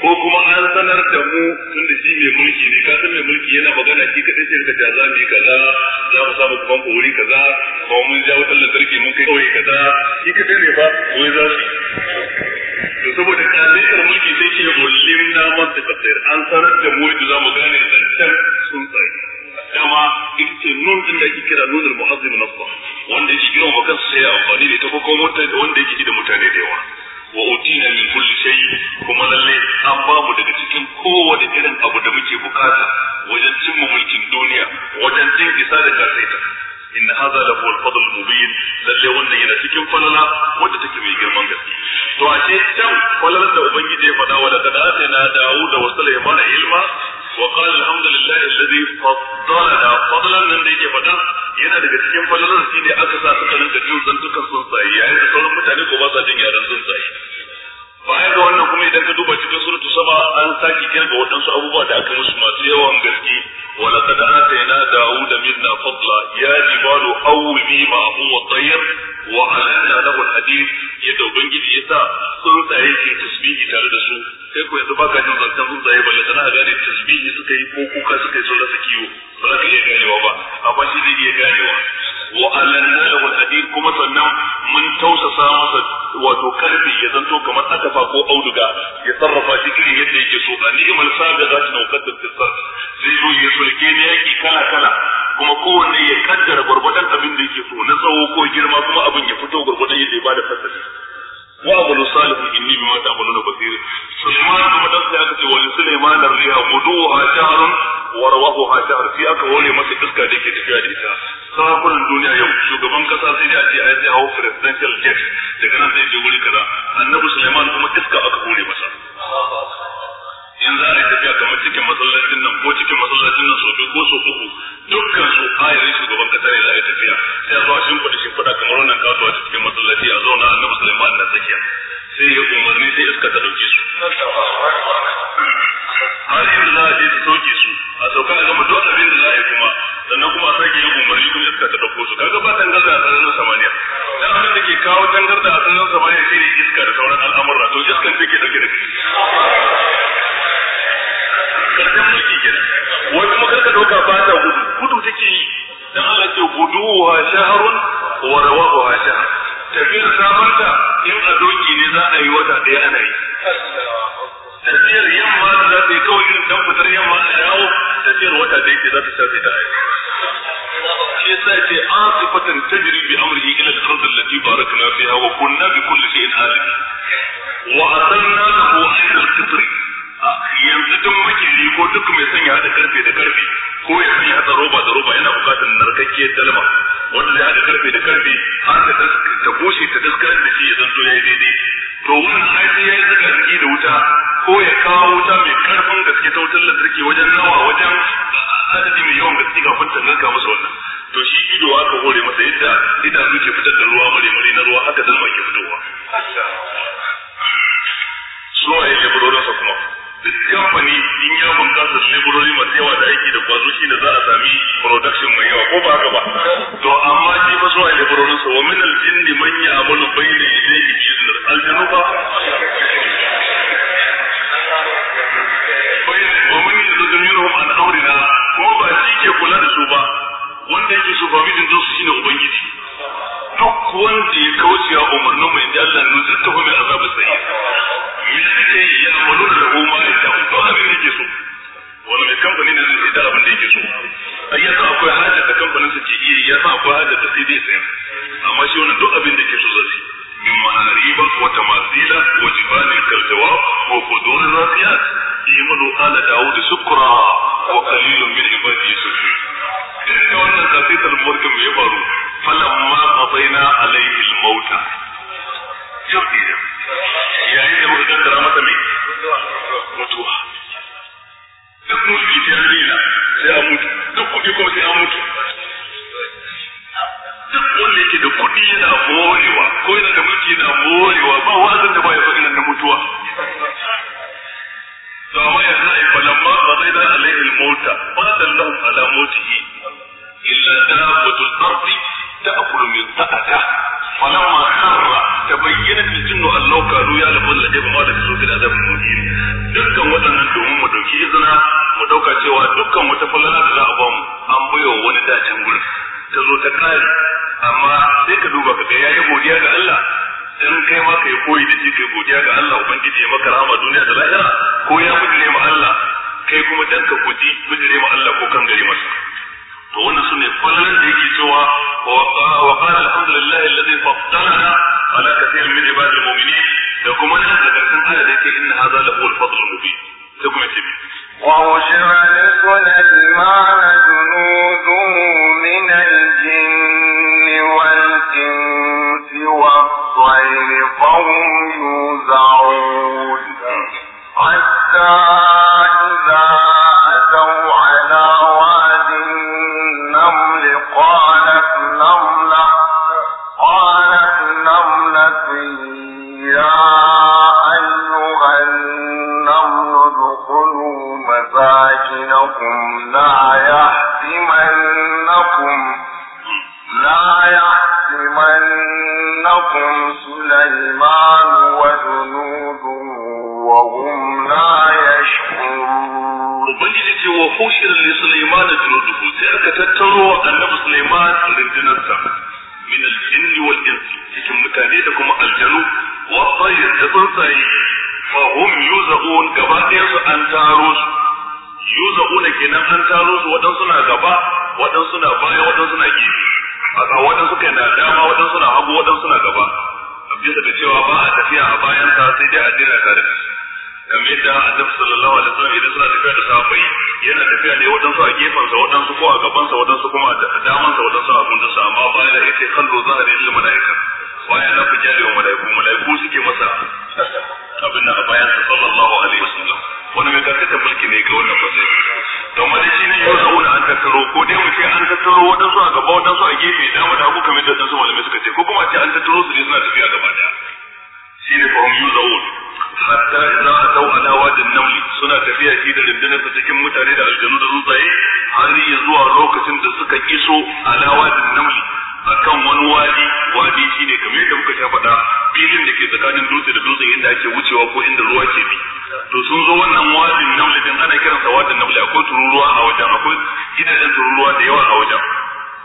ko kuma an sanar da mu tun da shi mai mulki ne ka san mai mulki yana magana shi kaɗai sai ka jaza mai kaza za mu samu kuma kori kaza ko mun ja wutar lantarki mun kai kawai kaza shi kaɗai ne ba ko za su to saboda kalaikar mulki sai ke ulim na masu tafsir an sanar da mu yadda za mu gane zancen sun tsaye dama ita nun din da ake kira nunul muhazzim nasba wanda yake maka sai amfani da ita ko kuma mutane wanda yake da mutane da yawa wa utina min kulli shay kuma lalle an ba mu daga cikin kowane irin abu da muke bukata wajen cimma mulkin duniya wajen jin isa da kasaita inna hadha la al-fadl al-mubin lalle yana cikin falala wanda take mai girman gaske to a ce can falalar da ubangiji ya faɗa wa da kada na dawo da wasu ilma وقال الحمد لله الذي فضلنا فضلا nan da yake faɗa yana daga cikin falalar shi ne aka sa suka rinka jin zantukan tsuntsaye yayin da sauran mutane ko ba sa jin yaren tsuntsaye bayan ga wannan kuma idan ka duba cikin suratu sama an sake kirga waɗansu abubuwa da aka musu masu yawan gaske wala yana atayna dawuda minna fadla ya jibalu awwi ma huwa tsayar wa na lahu alhadid yadda ubangiji ya sa tsuntsaye ke tasbihi tare da su kai ko yanzu baka jin zantan tsuntsaye balle tana gane tasbihi suka yi ko kuka suka yi sun rasa kiwo wasalanna lahu alhadid kuma sannan mun tausasa masa wato karfi ya zanto kamar atafa ko auduga ya sarrafa shi irin yadda yake so a ni'mal saga za ta naukatar tisar zai zo ya sulke ne yaki kala kala kuma kowanne ya kaddara gwargwadon abin da yake so na tsawo ko girma kuma abin ya fito gwargwadon yadda ya bada fasali وأبو صالح إني بما تعملون بصير سليمان كما تقول ولسليمان الريح غدوها شهر wa rawahu hajar fi aka hore masa iska da ke tafiya da ita sabon duniya yau shugaban kasa sai ya ce a yanzu hawo presidential jet daga nan zai je wuri kaza annabi suleiman kuma iska aka hore masa in za a tafiya kama cikin masallacin nan ko cikin masallacin nan biyu ko sau uku dukkan su ayarin shugaban kasa ne za a tafiya sai a zo a shimfiɗa shimfiɗa kamar wannan kasuwa cikin masallaci a zauna annabi suleiman na tsakiya sai ya umarni sai iska ta ɗauke su har inda za a je su sauke su a sauka a gama duk abin da za a yi kuma sannan kuma a sake yin umarni kuma iska ta dauko su kaga ba tangarda a sararin samaniya dan abin da ke kawo tangarda a sararin samaniya ne iska da sauran al'amurra, to iskan take dauke da kai karshen mulki kenan Wani kuma karka dauka ba ta gudu gudu take yi dan Allah ce guduwa shahrun wa rawahu shahr tafiyar samarta in a doki ne za a yi wata ɗaya ana yi tafiyar yamma da za ta yi kawai irin dan fitar yamma a dawo tafiyar wata da yake za ta shafe ta haifi shi yasa ce asifatan tajri bi amrihi ila al-ardh allati barakna fiha wa kunna bi kulli shay'in alim wa asanna lahu ayda al-qitr ah, yanzu duk makeri ko duk mai sanya da karfe da karfe ko ya sanya hada roba da roba yana bukatar narkakkiyar dalma wanda zai hada karfe da karfe har ta bushe ta daskarar da shi to wannan sai ya yi jiki da wuta ko ya kawo wuta mai karfin gaske ta wutar lantarki wajen nawa wajen adadi mai yawan gaske ga fitar nan ka masa wannan to shi ido aka hore masa yadda idanu ke fitar da ruwa mare mare na ruwa haka ba ke fitowa suwaye leburorinsa kuma duk kamfani in ya bunkasa leburori masu yawa da aiki da kwazo shi da za a sami production mai yawa ko ba haka ba to amma shi ba zuwa leburorin sa wa min aljinni man ya'malu ya yadayhi bi idnil aljanu ba wa man yazudu minhum an amrina ko ba shi ke kula da su ba wanda yake so ba bidin su shi shine ubangiji duk wanda ya kauce wa umarnin mai da Allah nuzirta fa min azabis sayyid me aka ce ya malu da lahu ma ya ta to abin da yake so wani mai kamfani ne zai da abin da yake so ai ya sa akwai hajar da kamfanin sa ke iya ya sa akwai hajar da sai dai amma shi wannan duk abin da yake so zai min ma'ana riba wa tamasila wa jibalin kaljawa wa qudur rasiyat imanu ala daud shukra wa qalilun min ibadi yashkur inda wannan qasitul mulkin ya faru falamma qadayna alayhi al-mauta jabira yayin da muka kaddara masa mai mutuwa duk mulki sai an nila sai a mutu duk kuɗi kuma sai a mutu duk wanda yake da kuɗi yana morewa ko yana da mulki yana morewa ba wazin da ba ya faɗi na mutuwa to amma ya zai falamma ba zai da alaihi mota ba da lahum ala motihi illa da batul ardi تأكل من سأته فلما خر تبينت الجن أن لو كانوا يعلمون لجمع ذلك في العذاب المهين dukkan waɗannan domin mu ɗauki izina mu ɗauka cewa dukkan wata falala da za a bamu an baiwa wani dacin gurin ta zo ta amma sai ka duba ka yayi godiya ga Allah in kai ma kai koyi da shi kai godiya ga Allah ubangiji ya maka duniya da lahira ko ya bijire ma Allah kai kuma dan ka guji bijire ma Allah ko kan gari masa to wannan sune falalan da yake cewa wa qala alhamdulillah alladhi faddalana ala kathir min ibad almu'minin da kuma nan da karshen aya da yake inna hadha lahu al-fadl mubin sai kuma ce وحشر لسليمان جنوده من الجن والإنس والطير فهم يوزعون حتى سلمان وجنود وهم لا يشعرون ubangiji ce wa hushir li sulaiman junuduhu sai aka tattaro annabi sulaiman rundunarsa min al-jinn wal cikin mutane da kuma aljanu wa tsayin da tsuntsaye fa hum yuzaun gaba ɗaya su an taro su yuzauna kenan an taro su waɗansu na gaba waɗansu na baya waɗansu na gefe a waɗansu kai na dama waɗansu na hagu waɗansu na gaba bisa da cewa ba a tafiya a bayan ta sai dai a jira tare da kamar yadda annabi sallallahu alaihi wasallam idan suna tafiya da sahabbai yana tafiya ne su a gefensa su ko a gabansa su kuma a damansa su a sa. amma bayan da yake kallo zahiri lil malaika bayan da ku jare wa malaiku malaiku suke masa abin nan a bayan sallallahu alaihi wasallam wani mai karkata mulki ne ga wani gaba su a gefe dama da hagu kamar da su malamai suka ce ko kuma a ce an tattaro su ne suna tafiya gaba daya shi ne fahim yuzaun hatta idza atau ala wadin namli suna tafiya shi da rundunar su cikin mutane da aljanu da tsuntsaye har yi zuwa lokacin da suka iso ala wadin namli akan wani wadi wadi ne kamar yadda muka sha faɗa filin da ke tsakanin dutse da dutse inda ake wucewa ko inda ruwa ke bi to sun zo wannan wadin namli din ana kiransa wadin namli akwai tururuwa a wajen akwai gidajen tururuwa da yawa a wajen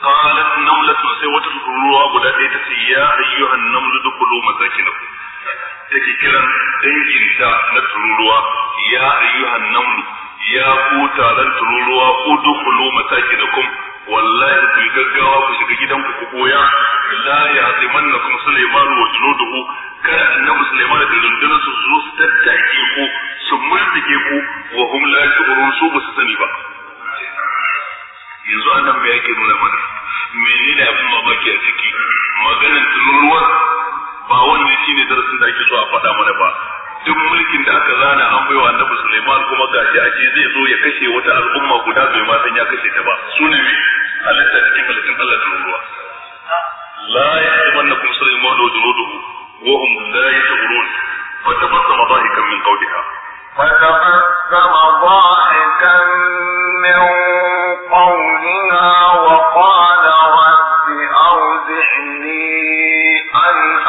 qalat namlatu sai wata ruwa guda ɗaya ta ce ya ayyuhan namlu dukulu masakinakum take kiran dangin ta na tururuwa ya ayyuhan namlu ya ku taron tururuwa udkhulu masakinakum wallahi ku gaggawa ku shiga gidan ku koya la ya'timannakum sulaiman wa junuduhu kada annabi sulaiman da rundunar su zo su tattake ku su murtike ku wa hum la su ba sani ba yanzu nan bai yake nuna mana ne abin mamaki a ciki maganin tururuwar ba wannan ne darasin da ake so a faɗa mana ba duk mulkin da aka zana an baiwa annabi Sulaiman kuma ga a ce zai zo ya kashe wata al'umma guda bai ma san ya kashe ta ba sune ne halitta cikin halittun Allah da ruwa la yahtamannakum Sulaiman wa junuduhu wa hum la yashurun fa tabassama dhahikan min qawliha فتبسم ضاحكا من قولها وقال رب أن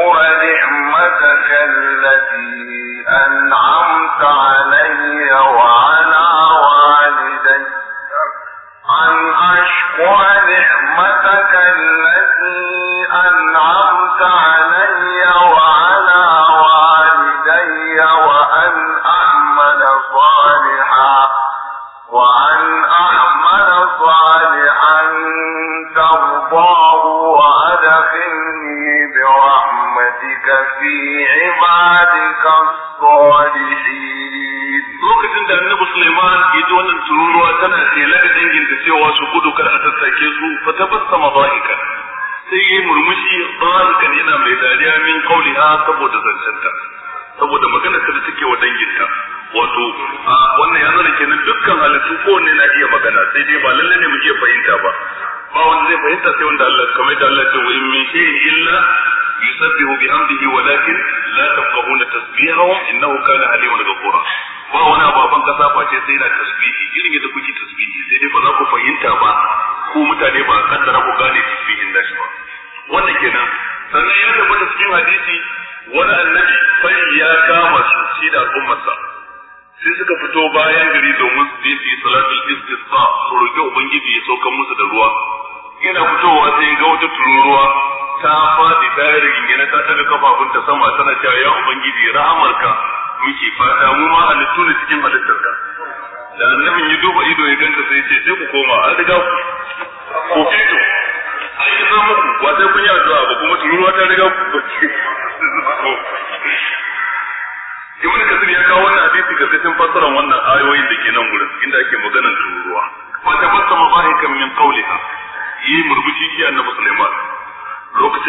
نعمتك التي أنعمت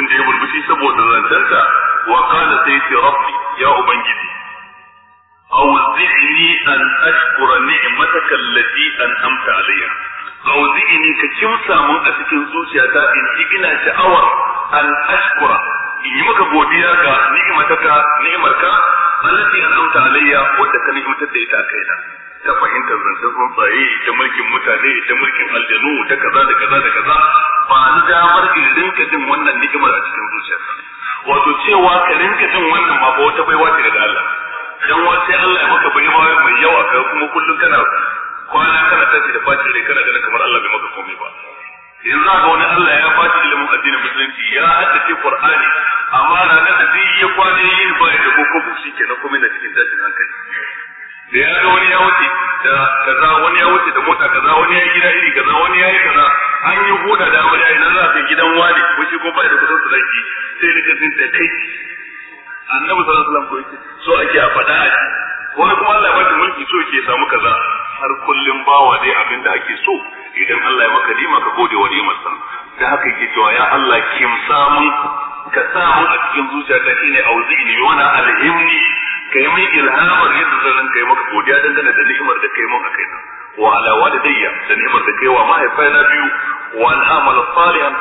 lokacin da ya burbushi saboda zancensa wa qala sai ce rabbi ya ubangiji awzi'ni an ashkura ni'mataka allati an'amta alayya awzi'ni ka kimsa mun a cikin zuciyata in ji ina sha'awar an ashkura in yi maka godiya ga ni'mataka ni'marka allati an'amta alayya wadda ka ni'matar da ita kaina ta fahimtar zancen tsuntsaye ta mulkin mutane ta mulkin aljanu ta kaza da kaza da kaza ba ni damar in rinka jin wannan ni'imar a cikin zuciyarsa wato cewa ka rinka jin wannan ma ba wata baiwa ce daga Allah dan wa sai Allah ya maka baiwa mai yawa ka kuma kullum kana kwana kana tashi da fatin rai kana ganin kamar Allah bai maka komai ba yanzu ga wani Allah ya faci ilimin addinin musulunci ya haddace Qur'ani amma na da duk ya kwana yin ba ya da ko kobo shikenan komai na cikin tashin hankali da ya ga wani ya wuce da kaza wani ya wuce da mota kaza wani ya yi gida iri kaza wani ya yi kaza an yi huda da ayi nan za su gidan wani ko shi ko bai da kudin sadaki sai ni ka sun dai. annabi sallallahu alaihi wasallam ko yake so ake a faɗa a wani kuma Allah ya bata mulki so ke samu kaza har kullum bawa dai abinda ake so idan Allah ya maka nima ka gode wa nimar sa da haka yake cewa ya Allah kim samu ka samu a cikin zuciya ta shine auzini wana alhimni kai mai ilhamar yadda zan kai maka godiya dangane da ni'imar da kai mun akai na wa ala walidayya da ni'imar da kaiwa mahaifai na biyu wa an amala salihan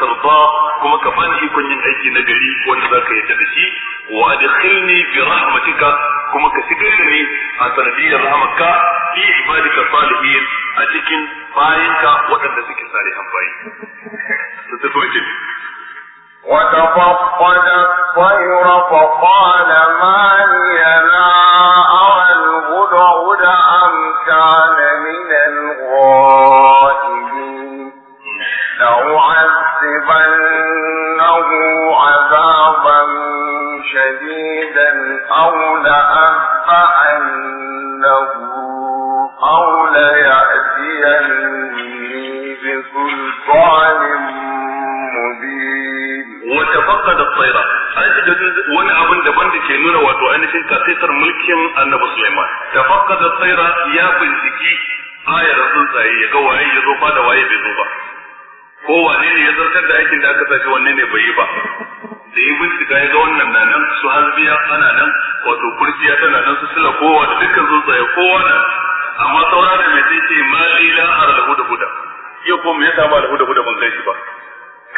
kuma ka bani ikon yin aiki na gari wanda za ka yadda da shi wa adkhilni bi rahmatika kuma ka shigar da ni a sanadiyar rahmatka fi ibadika a cikin bayanka waɗanda suke salihan amfani. da ta toke وتفقد الطير فقال ما لي لا كان من الغائبين لأعذبنه عذابا شديدا أو لأنبأنه أو ليأتيني بسلطان مبين وتفقد الطيران ta ga wani abin daban da ke nuna wato ainihin kasaitar mulkin annabi Sulaiman da tsaira ya binciki ayar tsuntsaye ya ga waye ya zo waye bai zo ba ko wane ne ya zartar da aikin da aka sace wanne ne bai yi ba da yi bincika ya ga wannan na nan su hasbiya ana nan wato kurciya tana nan su sila kowa da dukkan tsuntsaye kowa na amma saura da mai sai ce ma lila a da huda huda yau kuma me yasa ba da huda huda ban gaishe ba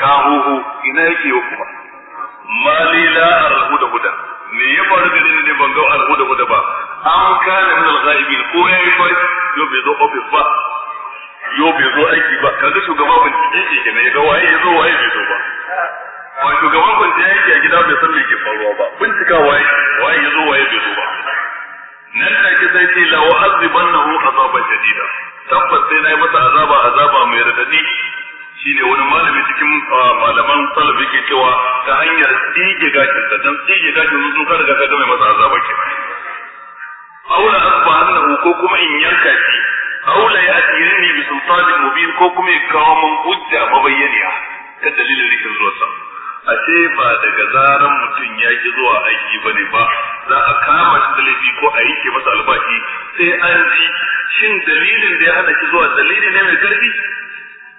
ka huhu ina yake yau kuma mali la arhu da guda, me ya faru da ni ne ban ga arhu da guda ba an kana min al ghaibi ko yayi ba yo bai zo office ba yo bai zo aiki ba kaga shugaba ban ji ji ne ga waye ya zo waye bai zo ba ba shugaban ban ji aiki a gida bai san me ke faruwa ba bincika waye waye ya zo waye bai zo ba nan da ke sai ce la wa'azibannahu azaban jadida tabbas sai na yi masa azaba azaba mai radadi shine wani malami cikin ah, malaman salafi ke cewa ta hanyar tsige gashin sa dan tsige gashin sun sun kada ka mai masa azaba ke aula asba annahu ko kuma in yanka shi aula ya tirni bi sultanin mubin ko kuma ya kawo mun hujja mabayyaniya ta dalilin rikin A ce ba daga zaran mutum ya ki zuwa aiki ba ne ba za a kama shi da laifi ko a yanke masa albashi sai an ji shin dalilin da ya hana ki zuwa dalili ne mai karfi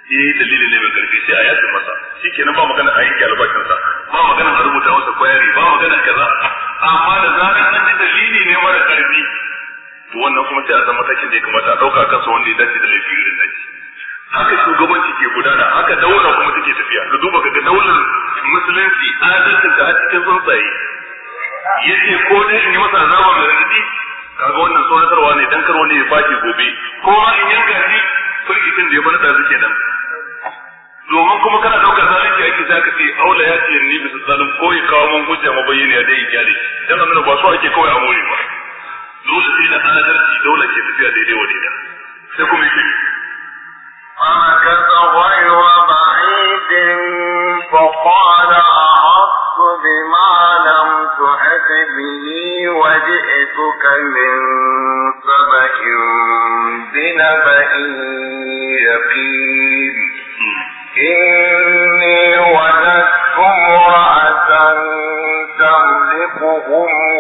eh dalili ne mai karfi sai a yasin masa shikenan ba magana a yanke albashinsa ba magana a rubuta masa kwayari ba magana kaza amma da zarar an ji dalili ne mara karfi to wannan kuma sai a san matakin da ya kamata a ɗauka kansa wanda ya dace da laifin irin naki haka shugabanci ke gudana haka daular kuma take tafiya ka duba ka ga daular musulunci adalcin ta a cikin tsuntsaye yace ko dai in yi masa azaba mai radadi kaga wannan tsoratarwa ne dan kar ne ya fashi gobe ko ma in yanka shi firgitin da ya bar da suke nan domin kuma kana ɗaukar zalunci ake za ka ce aula ya ce ni bisa zalun ko ya kawo man guje ma bayyana da ya gyare dan annabi ba su ake kawai a more ba zo su tilla ana darti dole ke tafiya daidai wa daidai sai kuma yake ana kan tsawaiwa ba aidin faqala ahassu bima lam tuhas bihi wa ji'tuka min sabahin bina ba'in yaqin إني وجدت امرأة تملكهم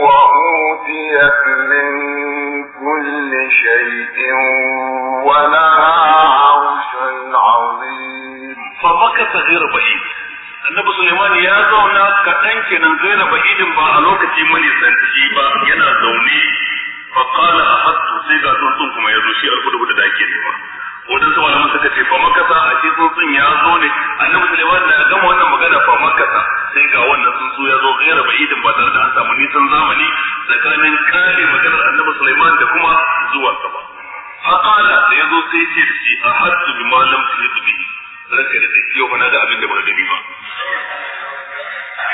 وأوتيت من كل شيء ولها عرش عظيم فمكث غير بعيد annabi Suleiman ya zauna kaɗan kenan gaira ba'idin ba a lokaci mani santi ba yana zaune fa qala ahattu sai ga tsuntsun kuma ya zo shi alkudu da ake nema wadansu malaman suka ce fa makasa a ce tsuntsun ya zo ne annabi sulaiman na gama wannan magana fa makasa sai ga wannan tsuntsu ya zo gaira ba'idin ba tare da an samu nisan zamani tsakanin kare maganar annabi sulaiman da kuma zuwa sama faƙala da ya zo sai ce da shi a hajji bi malam su yi zubi ranka da tsaki yau na da abin da ba gani ba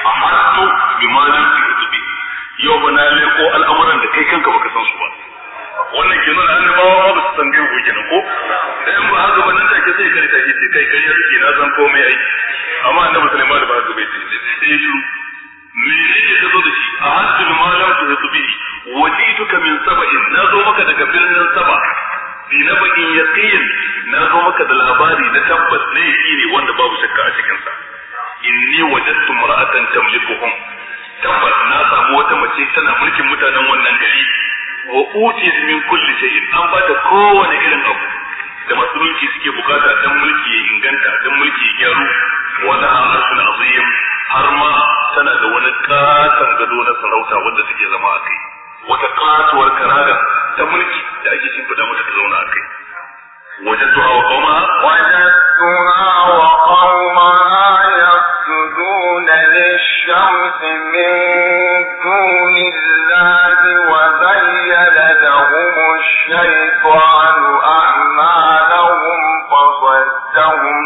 a hajji bi malam su yi zubi yau na leko al'amuran da kai kanka baka san su ba san biyu ku kenan ko da in ba haka ba nan take sai kare take ce kai kare suke na san komai ai amma annabi Sulaiman ba haka bai ce sai shi menene ka zo da shi a hasil malam su hasbi wajituka min sab'in na zo maka daga birnin saba bi na bakin yaqin na zo maka da labari na tabbas ne ne wanda babu shakka a cikin sa inni wajadtu mar'atan tamlikuhum tabbas na samu wata mace tana mulkin mutanen wannan gari wa uti min kulli in an ba ta kowane irin abu da masu suke bukata dan mulki ya inganta dan mulki ya gyaru wa laha suna azim har ma tana da wani katon gado na sarauta wanda take zama a kai wata katuwar karaga ta mulki da ake shimfiɗa mata ta zauna a kai wajen وقومها wa وقومها يقولون يسجدون للشمس من دون الله وزين لهم الشيطان أعمالهم فصدهم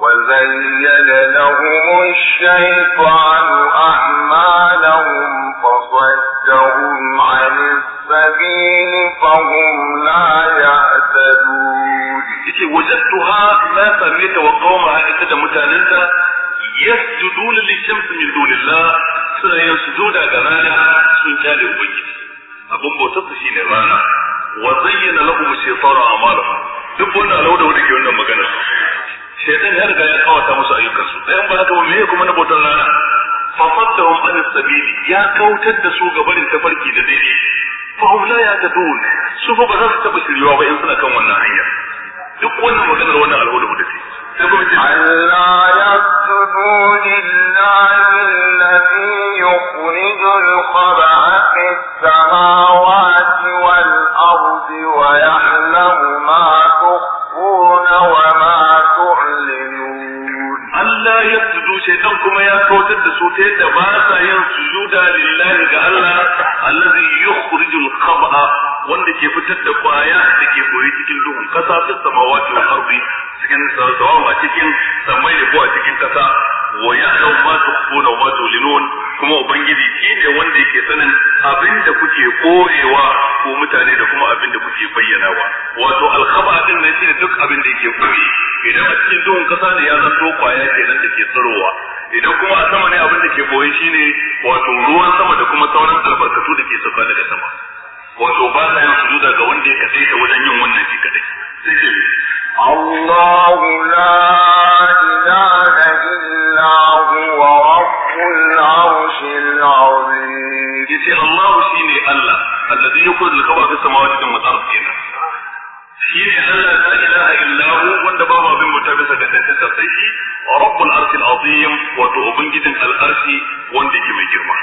وزين لهم الشيطان أعمالهم فصدهم عن السبيل فهم لا يعتدون. وجدتها ما سميت وقومها إذا متعلنت yasjuduna lishamsi min dunillah suna yin sujuda ga rana sun jale ubangiji abin bautar su shine rana wa zayyana lahum shaytanu a'malahum duk wanda alau da wanda ke wannan magana shaytan ya riga ya kawata musu ayyukan su. dan ba haka me kuma na bautar rana fa faddahum an sabili ya kautar da su ga barin tafarki da dai-dai. fa hum la yahtadun su fa ba za su taba shiriwa ba in suna kan wannan hanya duk wannan maganar wannan alhudu da ce sai kuma ce Allah ya ke tsirowa idan kuma a sama ne abin da ke boye shi ne wato ruwan sama da kuma sauran albarkatu da ke sauka daga sama wato ba za yin sujuda ga wanda ya kadai ta wajen yin wannan shi kadai الله لا إله إلا هو رب العرش العظيم الله شيني الله الذي يخرج الخبر في السماوات والأرض كده shi ne Allah la ilaha illa hu wanda babu abin bauta rabbul arshil azim wato ubangijin al'arshi wanda ke mai girma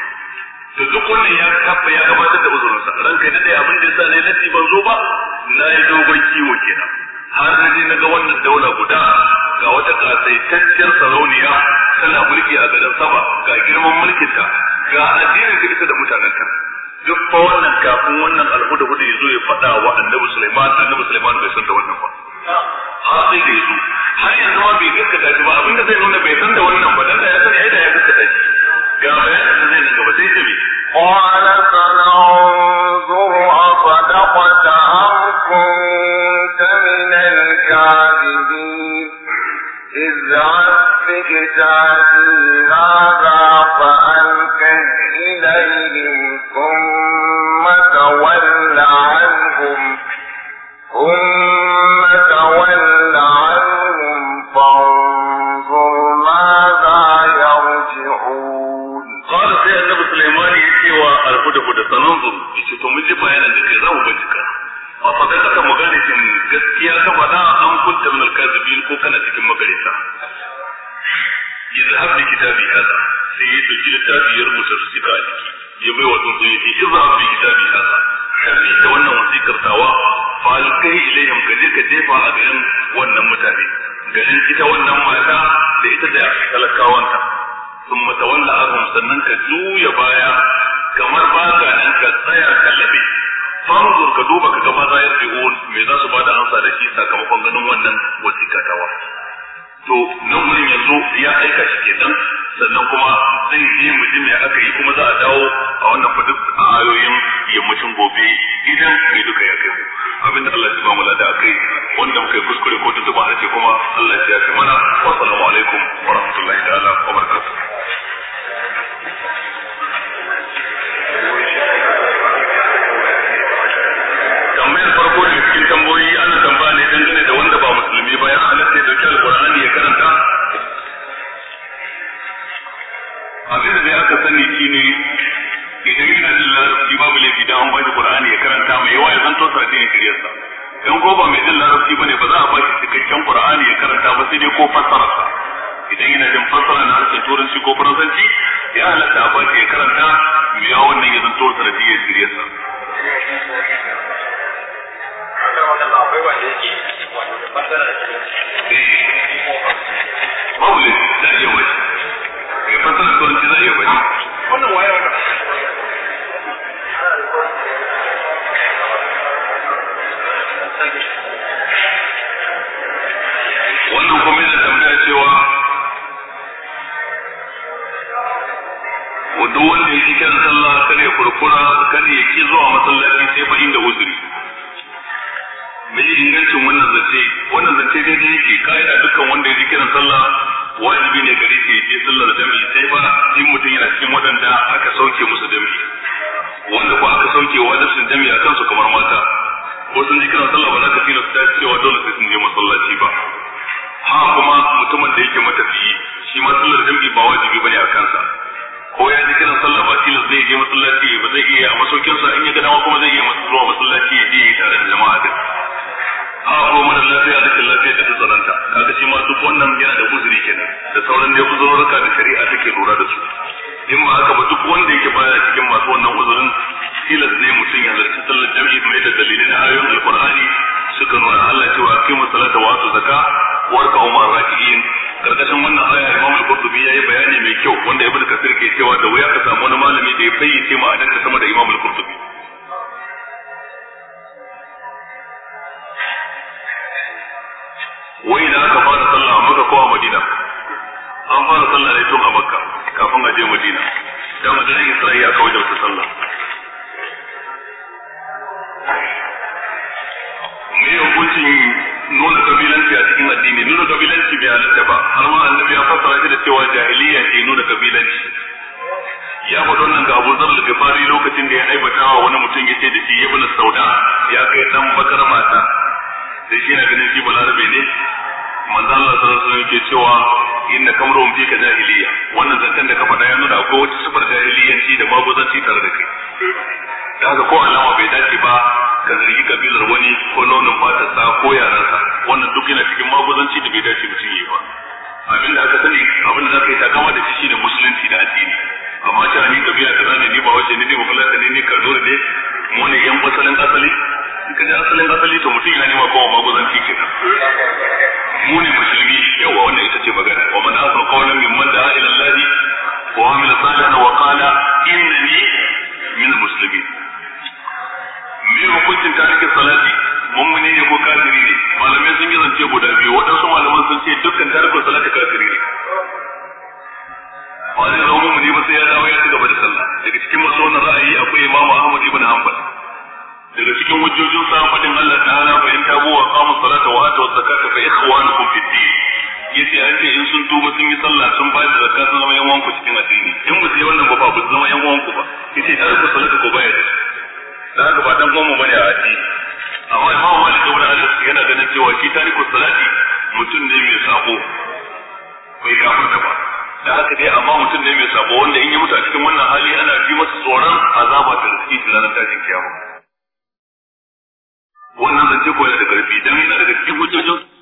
to duk wannan ya kafa ya gabatar da uzurin sa ran kai dade abin da yasa ne lati ban zo ba na yi dogon kiwo kenan har na na ga wannan daula guda ga wata kasaitacciyar sarauniya tana mulki a garin sama ga girman mulkinta ga addinin da ita da mutanenta duk fa wannan kafin wannan alhuda ya zo ya faɗa wa annabi Sulaiman annabi Sulaiman bai san da wannan ba har sai da har yanzu ma bai gaskata shi ba abinda zai nuna bai san da wannan ba dan da ya sani ya gaskata shi ga bayanin da zai sai قال سننظر أصدقت أم كنت من الكاذبين idan yana jin fassara na harshen turanci ko faransanci ya halatta a baki ya karanta ya wannan ya zanto sa. da eh, iya wani. Ya fassara turanci wani. Wannan waye Thank you. duk wanda ya ki kiran sallah kar ya kurkura kan ya ki zuwa masallaci sai fa inda uzuri mai ingancin wannan zace wannan zace dai da yake kaida dukkan wanda ya ki kiran sallah wajibi ne gare shi ya sallar jami'i sai ba in mutum yana cikin waɗanda aka sauke musu jami'i wanda ko aka sauke sun jami'i akan su kamar mata ko sun ji kiran sallah ba za ka tilasta cewa dole sai sun je masallaci ba ha kuma mutumin da yake matafiyi shi ma sallar jami'i ba wajibi bane a kansa ko ya ji kiran sallah ba tilas zai je masallaci ba zai iya a masaukin sa in ya ga dama kuma zai iya zuwa masallaci ya je tare da jama'a din a ko mara lafiya da lafiya da tsananta kaga shi ma duk wannan yana da uzuri kenan da sauran da uzurorka da shari'a take lura da su in ma haka ba duk wanda yake baya cikin masu wannan uzurin tilas zai mutum ya halarci sallar jami'i mai da dalilin ayoyin alqur'ani suka nuna Allah cewa kimu salata wa zakka warka umar raki'in karkashin wannan aya Imam al-Qurtubi yayi bayani mai kyau wanda Ibn Kathir ke cewa da wuya ka samu wani malami da ya fayyace ma'anar adanka sama da Imam al-Qurtubi wai da aka fara sallah a Makka ko a Madina an fara sallah ne tun a Makka kafin a je Madina da Madina ya kawai da wata sallah bai halatta ba har ma annabi ya fassara shi da cewa jahiliya ke nuna kabilanci ya faɗo nan ga Abu Zar al-Ghifari lokacin da ya aibatawa wani mutum yace da shi ibn Sauda ya kai dan bakar mata da shi na ganin shi balarabe ne manzo Allah sallallahu alaihi wasallam yake cewa inna kamrun fi ka jahiliya wannan zantan da ka faɗa ya nuna akwai wata sifar jahiliyanci da babu zanci tare da kai da ko alama bai dace ba ka zargi kabilar wani ko launin sa ko yaransa wannan duk yana cikin maguzanci da bai dace mutum yi ba abin da aka sani abin da za ka yi takama da shi shine musulunci da addini amma ta ni kabila ta ne ni ba wace ne ne ba kula ne ne ka dole ne mu ne yan asalin asali ka ji asalin asali to mutum yana nema kowa maguzanci nan mu ne musulmi yawa wannan ita ce magana wa man asal qawlan man da'a ila allahi wa amila salihan wa qala innani min muslimin me hukuncin ta cikin salati mummuni ne ko kafiri ne malamai sun yi zance guda biyu waɗansu malaman sun ce dukkan tarikul salati kafiri ne ba zai zama mummuni ba sai ya dawo ya ci gaba da sallah daga cikin masu wannan ra'ayi akwai imamu ahmad ibn hanbal daga cikin hujjojin sa faɗin Allah ta'ala fa in tabu wa salata wa atu zakata fa ikhwanukum fid din yace an ce in sun tuba sun yi sallah sun ba da zakka sun zama yan uwanku cikin addini in ba su wannan ba ba su zama yan uwanku ba yace tarikul salati ko baya da da haka ba dan gwamma bane a addini amma imamu malik da anas yana ganin cewa shi tariku salati mutum ne mai sako bai kafirta ba da haka dai amma mutum ne mai sako, wanda in ya mutu a cikin wannan hali ana ji masa tsoron azaba da rikici da ranar tashin kiyama wannan zance ko yana da karfi dan yana daga cikin hujjojin